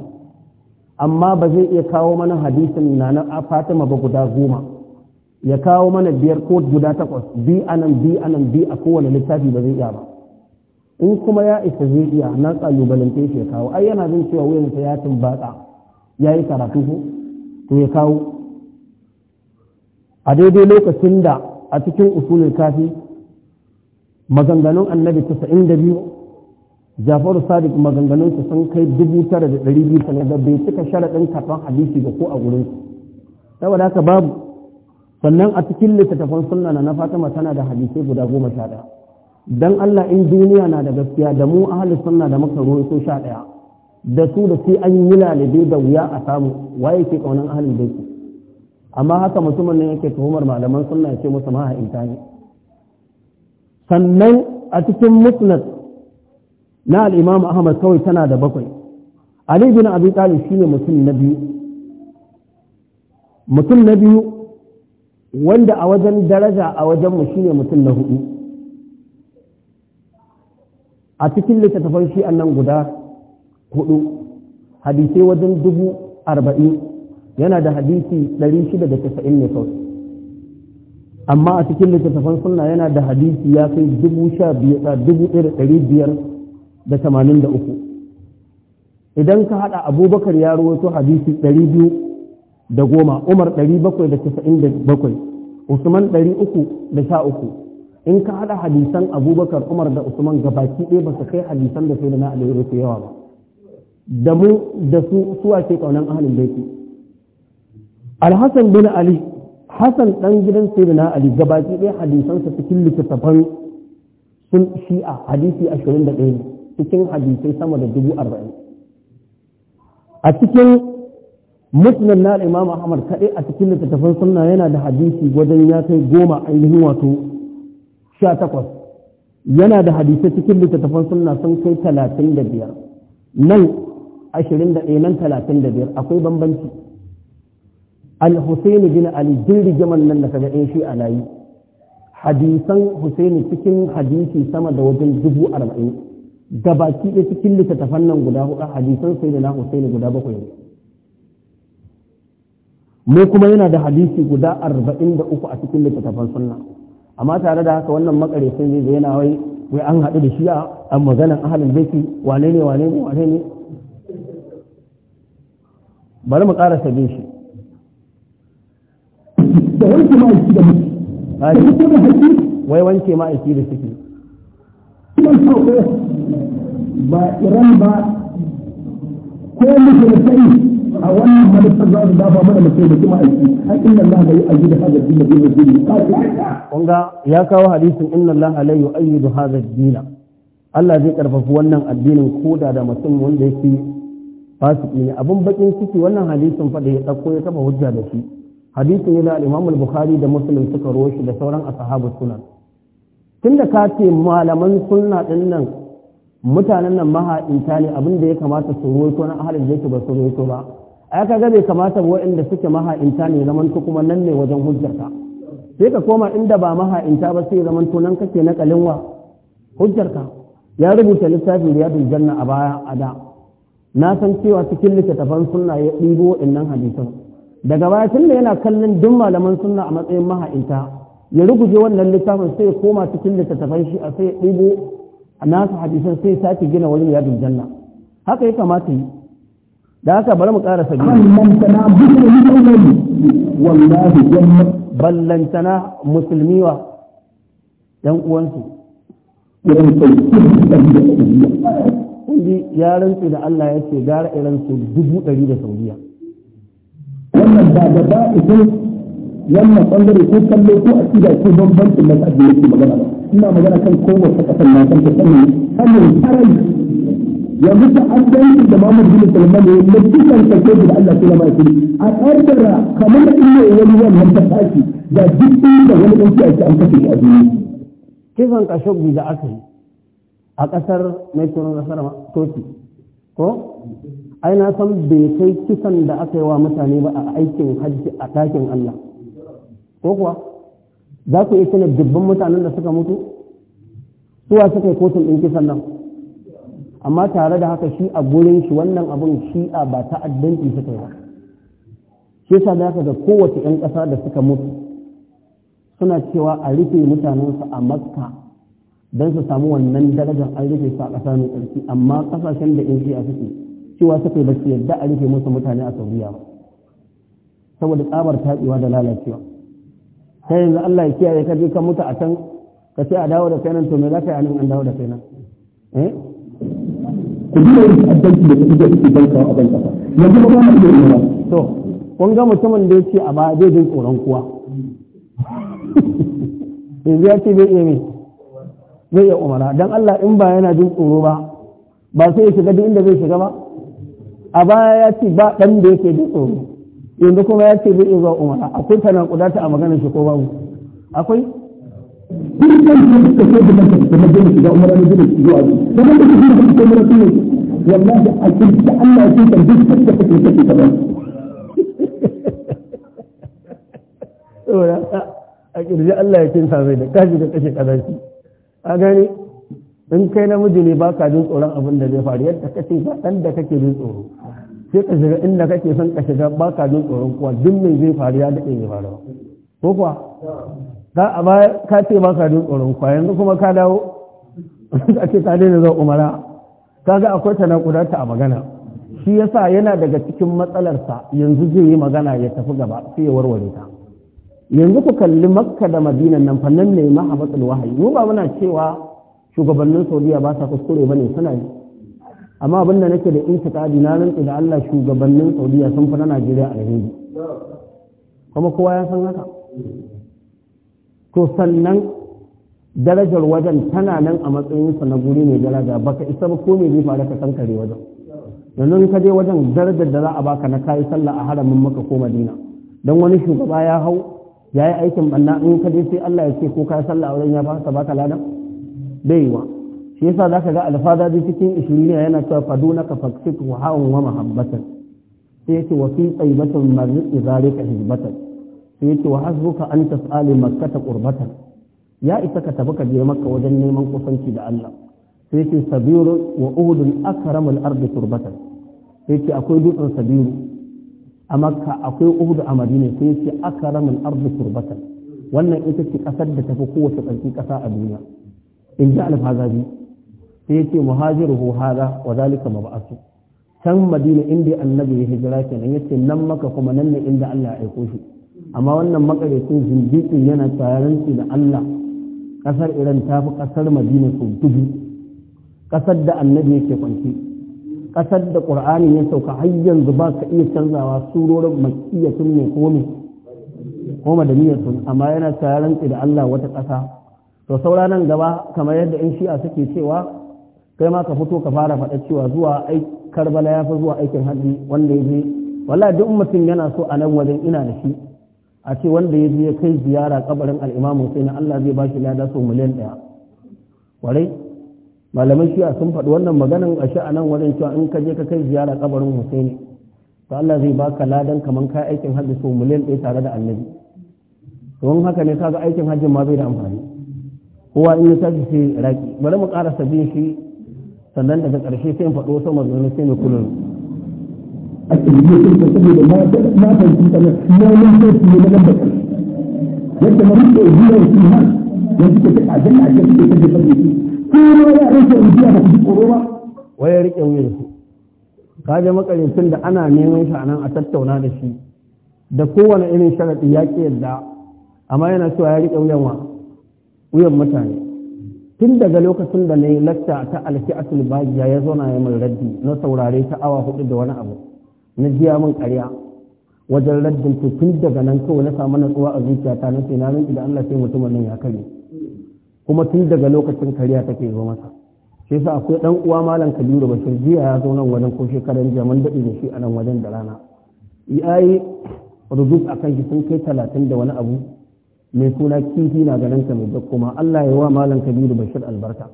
amma ba zai iya kawo mana hadisin na na fatima ba guda goma ya kawo mana biyar ko guda takwas bi anan bi anan bi a kowane littafi ba zai iya ba in kuma ya isa zai iya na kalubalance shi ya kawo ai yana jin cewa sa ya tumbatsa ya yi karatu ko to ya kawo a daidai lokacin da a cikin usulul kafi maganganun annabi tasa'in da biyu jafaru sadiq maganganun su sun kai dubu tara da ɗari biyu da bai cika sharaɗin karɓar hadisi ga ko a gurin su saboda haka babu sannan a cikin littattafan sunna na fatima tana da hadisai guda goma sha ɗaya dan Allah in duniya na da gaskiya da mu ahli sunna da muka sun sha daya da su da sai an yi lalabe da wuya a samu waye ke kaunan ahlul baiti amma haka mutumin ne yake tuhumar malaman sunna ce musu ma ha'inta ne sannan a cikin musnad na al-imam ahmad kawai tana da bakwai ali bin abi talib shine mutum na biyu mutum na biyu wanda a wajen daraja a wajen mu shine mutum na hudu a cikin littattafan shi nan guda hudu hadisai wajen dubu arba'in yana da hadisi ɗari shida da casa'in ne kawai amma a cikin littattafan suna yana da hadisi ya kai dubu sha dubu ɗari biyar da tamanin da uku idan ka haɗa abubakar ya rawaito hadisi ɗari biyu da goma umar ɗari bakwai da casa'in da bakwai usman ɗari uku da sha uku in ka hada hadisan abubakar umar da usman gabaki ɗaya ba su kai hadisan da sai da na aliyu su yawa ba da mu da su suwa ke kaunan ahalin baiti alhassan bin ali hassan ɗan gidan sai da na ali gabaki ɗaya hadisansa cikin littattafan sun shi'a hadisi ashirin da ɗaya cikin hadisai sama da dubu arba'in a cikin musulman na imam ahmad kaɗai a cikin littattafan sunna yana da hadisi wajen ya kai goma ainihin wato sha takwas yana da hadisai cikin littattafan sunna sun kai talatin da biyar nan ashirin da ɗaya nan talatin da biyar akwai bambanci al-husaini bin ali jirgin nan da kaga in shi a layi. hadisan husaini cikin hadisi sama da wajen dubu arba'in baki ɗaya cikin littattafan nan guda hudu hadisan sai da na husaini guda bakwai ne mu kuma yana da hadisi guda arba'in da uku a cikin littattafan sunna amma tare da haka wannan sun zai zai yana wai wai an haɗu da shi a maganan ahalin baiti wane ne wane ne wane ne bari mu ƙara sabe shi da wanke ma'aiki da mutu wai wanke ma'aiki da suke ba iran ba ko mutu da sani a wannan halittar za su dafa mana mu taimaki ma'aiki har inna Allah la yu'ayyidu hadha ad-din bi biyu kun ga ya kawo hadisin inna Allah la yu'ayyidu hadha ad dina. Allah zai karfafi wannan addinin koda da mutum wanda yake fasiki ne abin bakin ciki wannan hadisin fa ya dauko ya kafa hujja da shi hadisin yana al-Imam al-Bukhari da Muslim suka ruwa shi da sauran ashabu sunan tunda ka ce malaman sunna din nan mutanen nan mahaɗinta ne abin da ya kamata su ruwaito na ahalin yake ba su ruwaito ba ai kaga bai kamata waɗanda suke maha'inta ne zaman to kuma nan ne wajen hujjarka sai ka koma inda ba maha'inta ba sai zaman to nan kake na kalinwa hujjarka ya rubuta littafin riyadul janna a baya a da na san cewa cikin littattafan sunna ya ɗibo waɗannan hadisan daga baya tun da yana kallon duk malaman sunna a matsayin maha'inta ya ruguje wannan littafin sai ya koma cikin littattafan shi a sai ya a nasu hadisan sai ya sake gina wani riyadul janna haka ya kamata yi da haka bari mu ƙara sabi ballantana musulmi wallahi jannat ballantana musulmi wa dan uwansu irin sai ya rantsu da Allah ya ce gara irin su dubu ɗari da saudiya wannan ba da ba ita wannan bangare ko kallo ko a tsida ko bambancin masu ajiyar magana ina magana kan kowace ƙasar na kan ta sanin sanin yanzu ta addanci da mamu jini salman ne da cikin sake da Allah ta mai shi a ra, kamar da yi wani nan ta tashi da duk da wani ɗan ci ake an shi a duniya kisan kashobi da aka yi a ƙasar mai tsoron ƙasar toki ko ai na san bai kai kisan da aka yi wa mutane ba a aikin hajji a ɗakin Allah ko kuwa za ku iya sanar dubban mutanen da suka mutu suwa suka yi kotun ɗin kisan nan amma tare da haka shi a gurin shi wannan abin shi'a ba ta'addanci suka yi ba shi sa da haka da kowace 'yan ƙasa da suka mutu suna cewa a rufe mutanensu a makka don su samu wannan darajar an rufe su a ƙasa mai tsarki amma ƙasashen da 'yan shi'a suke cewa suka yi ba su yadda a rufe musu mutane a saudiya ba saboda tsabar taɓewa da lalacewa sai yanzu allah ya kiyaye ka je ka mutu a can ka ce a dawo da kai nan to me za ka yi a nan an dawo da kai nan eh ku yi wani addanci da kuɗi da kuke banka a banka ba yanzu ba mu iya ba to kun ga mutumin da ya ce a ba zai jin tsoron kuwa yanzu ya ce bai iya me zai iya umara dan Allah in ba yana jin tsoro ba ba sai ya shiga duk inda zai shiga ba a baya ya ce ba dan da yake jin tsoro yanzu kuma ya ce bai iya zuwa umara akwai tana kudata a magana shi ko babu akwai duk kan da suka da da da da zuwa da da a cikin Allah ya san duk da ba Allah ya da kashe gani in kai namiji ne ba ka kake bin tsoro sai ka shiga inda kake son ka shiga ba ka jin tsoron kuwa duk mai zai faru ya daɗe ya faruwa ko kuwa za a ba ka ce ba ka jin tsoron kwa yanzu kuma ka dawo a ce ka daina zan umara ka ga akwai ta ta a magana shi yasa yana daga cikin matsalarsa yanzu zai yi magana ya tafi gaba sai ya warware ta yanzu ku kalli makka da madina nan fannin ne ma haɓatul wahayi mu ba muna cewa shugabannin saudiya ba sa kuskure ba ne suna yi amma abin da nake da intiƙadi na rantsa da allah shugabannin saudiya sun fi na najeriya alheri kuma kowa ya san haka to sannan darajar wajen tana nan a matsayin matsayinsa na guri mai daraja baka isa ba ko mai zai faru ka kankare wajen yanzu ka je wajen darajar da za a baka na kayi sallah a haramin maka ko madina don wani shugaba ya hau ya yi aikin banna in ka je sai Allah ya ce ko kayi sallah a wurin ya baka baka ladan bai wa shi yasa zaka ga alfada bi cikin ishirina yana cewa faduna ka faksik wa hawan wa mahabbatan sai yace wa fi tsaibatan marzi zalika sai ce wa hasbuka an tas'ali makkata qurbatan ya isa ka tafi ka je makka wajen neman kusanci da Allah sai ce sabiru wa uhudun akramul ardi qurbatan sai ce akwai dutsen sabiru a makka akwai uhudu a madina sai ce akramul ardi qurbatan wannan ita ce kasar da tafi kowace tsarki kasa a duniya in ji alfazabi sai ya ce muhajiruhu hada wa zalika mab'asu can madina inda annabi ya hijira kenan yace nan maka kuma nan ne inda Allah ya aiko shi amma wannan makarecin zindiƙin yana tsayaranci da Allah ƙasar Iran ta fi ƙasar Madina sau dubu ƙasar da annabi yake kwanci ƙasar da ƙur'ani ya sauka har yanzu ba ka iya canzawa surorin sun ne ko da ko sun. amma yana tsayaranci da Allah wata ƙasa to saura gaba kamar yadda in shi'a suke cewa kai ma ka fito ka fara faɗa cewa zuwa karbala ya fi zuwa aikin hajji wanda ya je wallahi duk mutum yana so a nan wajen ina da shi a ce wanda ya je kai ziyara kabarin al'imamun sai na Allah zai shi lada sau miliyan ɗaya warai malaman shi'a sun faɗi wannan maganan a sha'a nan wajen cewa in ka je ka kai ziyara kabarin husaini to Allah zai baka ladan kamar ka aikin hajji sau miliyan ɗaya tare da annabi don haka ne kaga aikin hajji ma bai da amfani kowa in ya tashi sai raki bari mu ƙara sabbin shi sannan daga ƙarshe sai in faɗo sama zuwa sai mu kulun a tsirgin sun ta saboda na fahimci tsanar na nan sai su yi na nan da yadda na rike zuwan su ma yan suke ta kajen a kan suke ta jefa da su ko ma ya rike wuya ba ku ji tsoro ba waya rike wuyan su ka je makarantar da ana neman shi a nan a tattauna da shi da kowane irin sharaɗi ya ƙi yadda amma yana cewa ya riƙe wuyan wa wuyan mutane tun daga lokacin da na yi latta ta alfi asul bagiya ya zauna ya mai raddi na saurare ta awa hudu da wani abu na jiya min ƙarya wajen raddin to tun daga nan kawai na samu natsuwa a zuciyata na sai na rinki da Allah sai mutumin nan ya kare kuma tun daga lokacin kariya take zo masa shi yasa akwai dan uwa malam Kabiru Bashir jiya ya zo nan wajen ko shekaran jiya mun dade da shi a nan wajen da rana yayi rubut akan shi sun kai talatin da wani abu mai suna kifi na ganin ka mai kuma Allah ya wa malam Kabiru Bashir albarka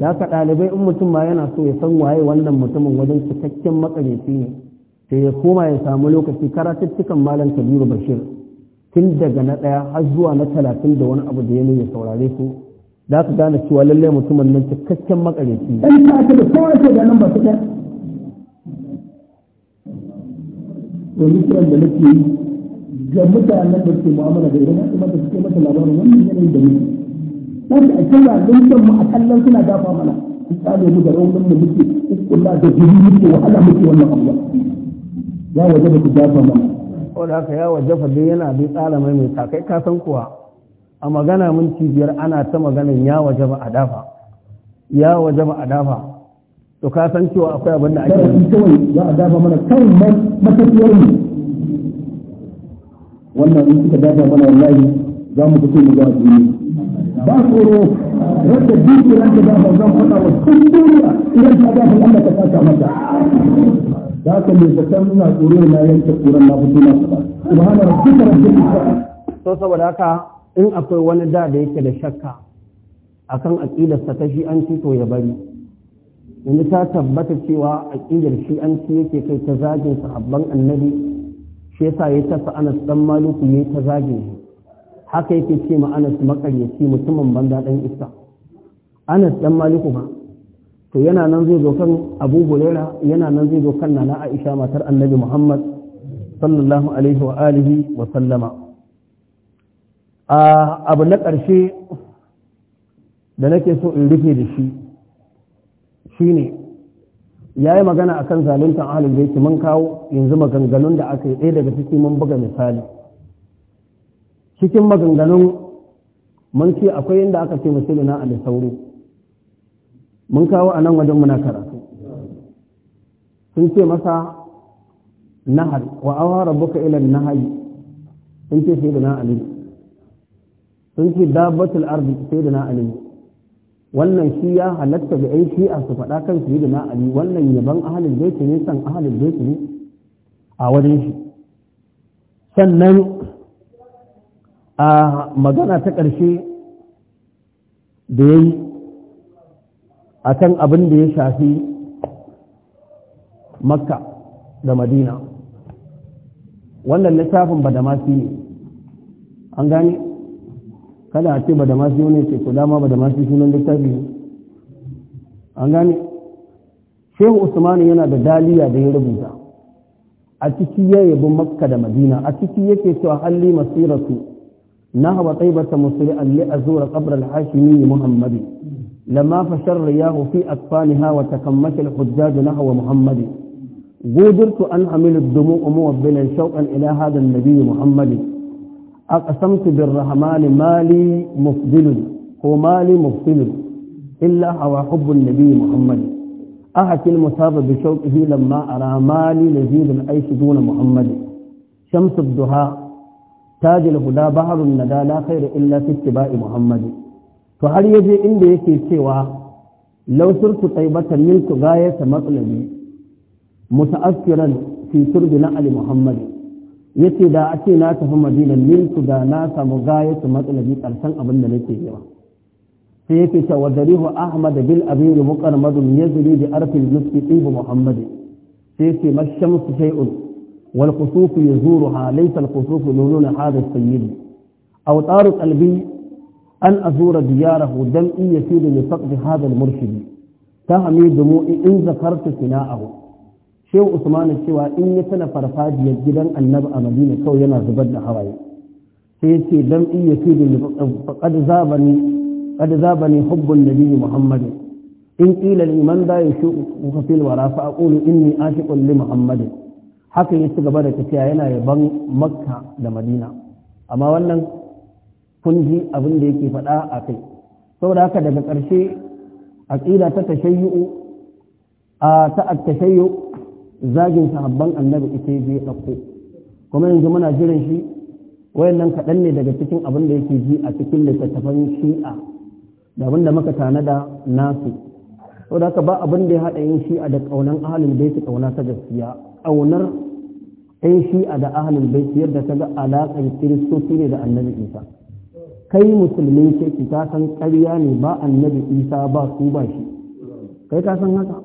ya ka ɗalibai in mutum ma yana so ya san waye wannan mutumin wajen cikakken makareci ne sai ya koma ya samu lokaci karatuttukan malam kabiru bashir tun daga na ɗaya har zuwa na talatin da wani abu da ya ya saurare ku za ka gane cewa lallai mutumin nan cikakken makareci ɗan ta ce da kowa ce da nan ba su ɗaya domin kiran da nake yi ga mutanen da ke mu'amala da irin wasu mata suke mata labarin wannan yanayin da muke wanda a kira don mu a kallon suna dafa mana su mu da raunin mu muke kukkulla da jiri muke wahala muke wannan abuwa ya waje ba ku dafa mana wanda haka ya waje fa dai yana bi tsara mai mai takai ka san kuwa a magana mun cibiyar ana ta magana ya waje ba a dafa ya waje ba a dafa to ka san cewa akwai abin da ake yi kawai za a dafa mana kan matafiyar mu wannan in suka dafa mana wallahi za mu fito mu ga duniya ba tsoro wanda duk ran da dafa zan faɗa wa duniya idan ta dafa Allah ta saka mata da haka mai zaton nuna tsoron na yanke tsoron na fito na faɗa subhana rabbika rabbil izzati to saboda haka in akwai wani da da yake da shakka akan aqidarsa ta shi an to ya bari yanzu ta tabbata cewa aqidar shi an ci yake kai ta zagin sahabban annabi shi yasa ya tafi Anas dan Maliku yayi ta zagin shi haka yake ce ma Anas makaryaci mutumin banda dan Isa Anas dan Maliku ba to yana nan zai zo kan abu yana nan zai zo kan nana aisha matar annabi muhammad sallallahu alaihi wa alihi wa sallama a abu na ƙarshe da nake so in rufe da shi shine ya yi magana a kan zaluntar ahalin baiti mun kawo yanzu maganganun da aka yi ɗaya daga ciki mun buga misali cikin maganganun mun ce akwai inda aka ce musulina a da sauri. mun kawo a nan wajen muna karatu sun ce masa nahar wa awa rabbuka ilan nahari sun ce sai da na ali sun ce dabbatul arzi sai da na ali wannan shi ya halatta da shi a su faɗa kan su da na ali wannan yaban ahalin baiti ne san ahalin baiti ne a wajen shi sannan a magana ta ƙarshe da ya yi akan abin da ya shafi makka da madina wannan littafin badamasi ne an gane kada a ce badamasi wani ce ku dama badamasi sunan littafi ne an gane shehu Usmanu yana da daliya da ya rubuta a ciki ya yabi makka da madina a ciki yake cewa halli masirarsu na hawa tsaibata musuli alli a zuwa kabar al-hashimi muhammadu لما فشر الرياح في أكفانها وتكمت الحجاج نحو محمد قدرت أن أمل الدموع موبلا شوقا إلى هذا النبي محمد أقسمت بالرحمن مالي مفضل هو مالي مفضل إلا هو حب النبي محمد أحكي المصاب بشوقه لما أرى مالي لذيذ العيش دون محمد شمس الدهاء تاج الهدى بحر الندى لا خير إلا في اتباع محمد to har yaje inda yake cewa law surtu taibatan min tugayata matsalabi mutaaskiran fi turbi na ali muhammad yace da a na tafi madina min da na samu gayatu matsalabi karshen abin da nake yawa sai yake cewa darihu ahmad bil abir muqarmadun yazri bi arfil miski tibu muhammad sai yake mashamsu shay'un wal khusuf yazuruha laysa al khusuf nurun hadha sayyid aw taru albi an azura diyarahu dan in yasiru li faqdi hadha al ta hamidu mu in zakartu sina'ahu shehu usmanu cewa in ya tana farfajiyar gidan annabi a madina kawai yana zubar da hawaye sai ya ce dan in yasiru li faqad zabani qad zabani hubbun nabiyyi Muhammadu. in qila liman da yashuqu fil wara fa aqulu inni ashiqun li Muhammadu? haka ya ci gaba da tafiya yana yaban makka da madina amma wannan kun ji abin da yake faɗa a kai saboda haka daga ƙarshe a tsira ta tashayyu a ta tashayyu zagin sahabban annabi ita je ɗauko kuma yanzu muna jiran shi wayannan kaɗan ne daga cikin abin da yake ji a cikin littattafan shi'a da abin da muka tanada nasu saboda haka ba abin da ya haɗa yin shi'a da ƙaunar ahalin da yake ƙauna ta gaskiya ƙaunar yan shi'a da ahalin bai yadda ta ga alaƙar kiristoci ne da annabi isa kai musulmi ce ki ka san ƙarya ne ba annabi isa ba su ba shi kai ka san haka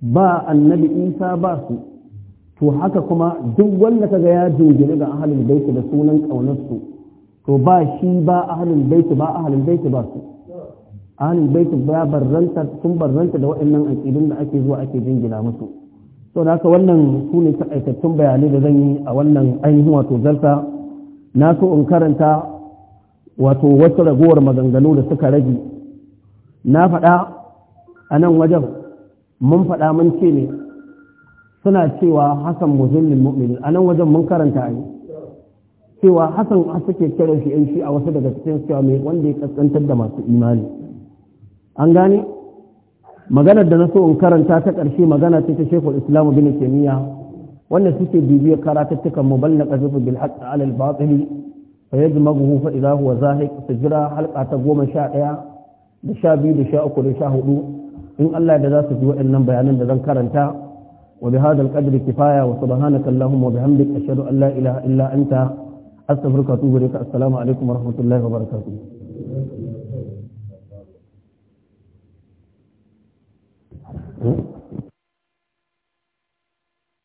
ba annabi isa ba su to haka kuma duk wanda kaga ya jingiri ga ahalin baiti da sunan ƙaunarsu to ba shi ba ahalin baiti ba ahalin baiti ba su ahalin baiti ba barranta sun barranta da waɗannan aƙidun da ake zuwa ake jingina musu to da haka wannan su ne takaitattun bayanai da zan yi a wannan ainihin wato zalta na so in karanta wato wasu ragowar maganganu da suka rage na faɗa a nan wajen mun faɗa mun ce ne suna cewa hasan muzullin mu'minin a nan wajen mun karanta ne. cewa hasan a suke kira shi yan a wasu daga cikin cewa mai wanda ya kaskantar da masu imani an gane maganar da na so in karanta ta ƙarshe magana ce ta shekul islamu bin kemiya wanda suke bibiyar karatattukan mu balla qazifu bil haqq alal al fa yaji faɗi fa idza huwa su jira halka ta goma sha ɗaya da sha biyu da sha uku da sha hudu in Allah da za su ji waɗannan bayanan da zan karanta wa bi hadal qadri kifaya wa subhanaka allahumma wa bihamdika ashhadu an la ilaha illa anta astaghfiruka wa atubu ilaik assalamu alaikum wa rahmatullahi wa barakatuh Mm-hmm.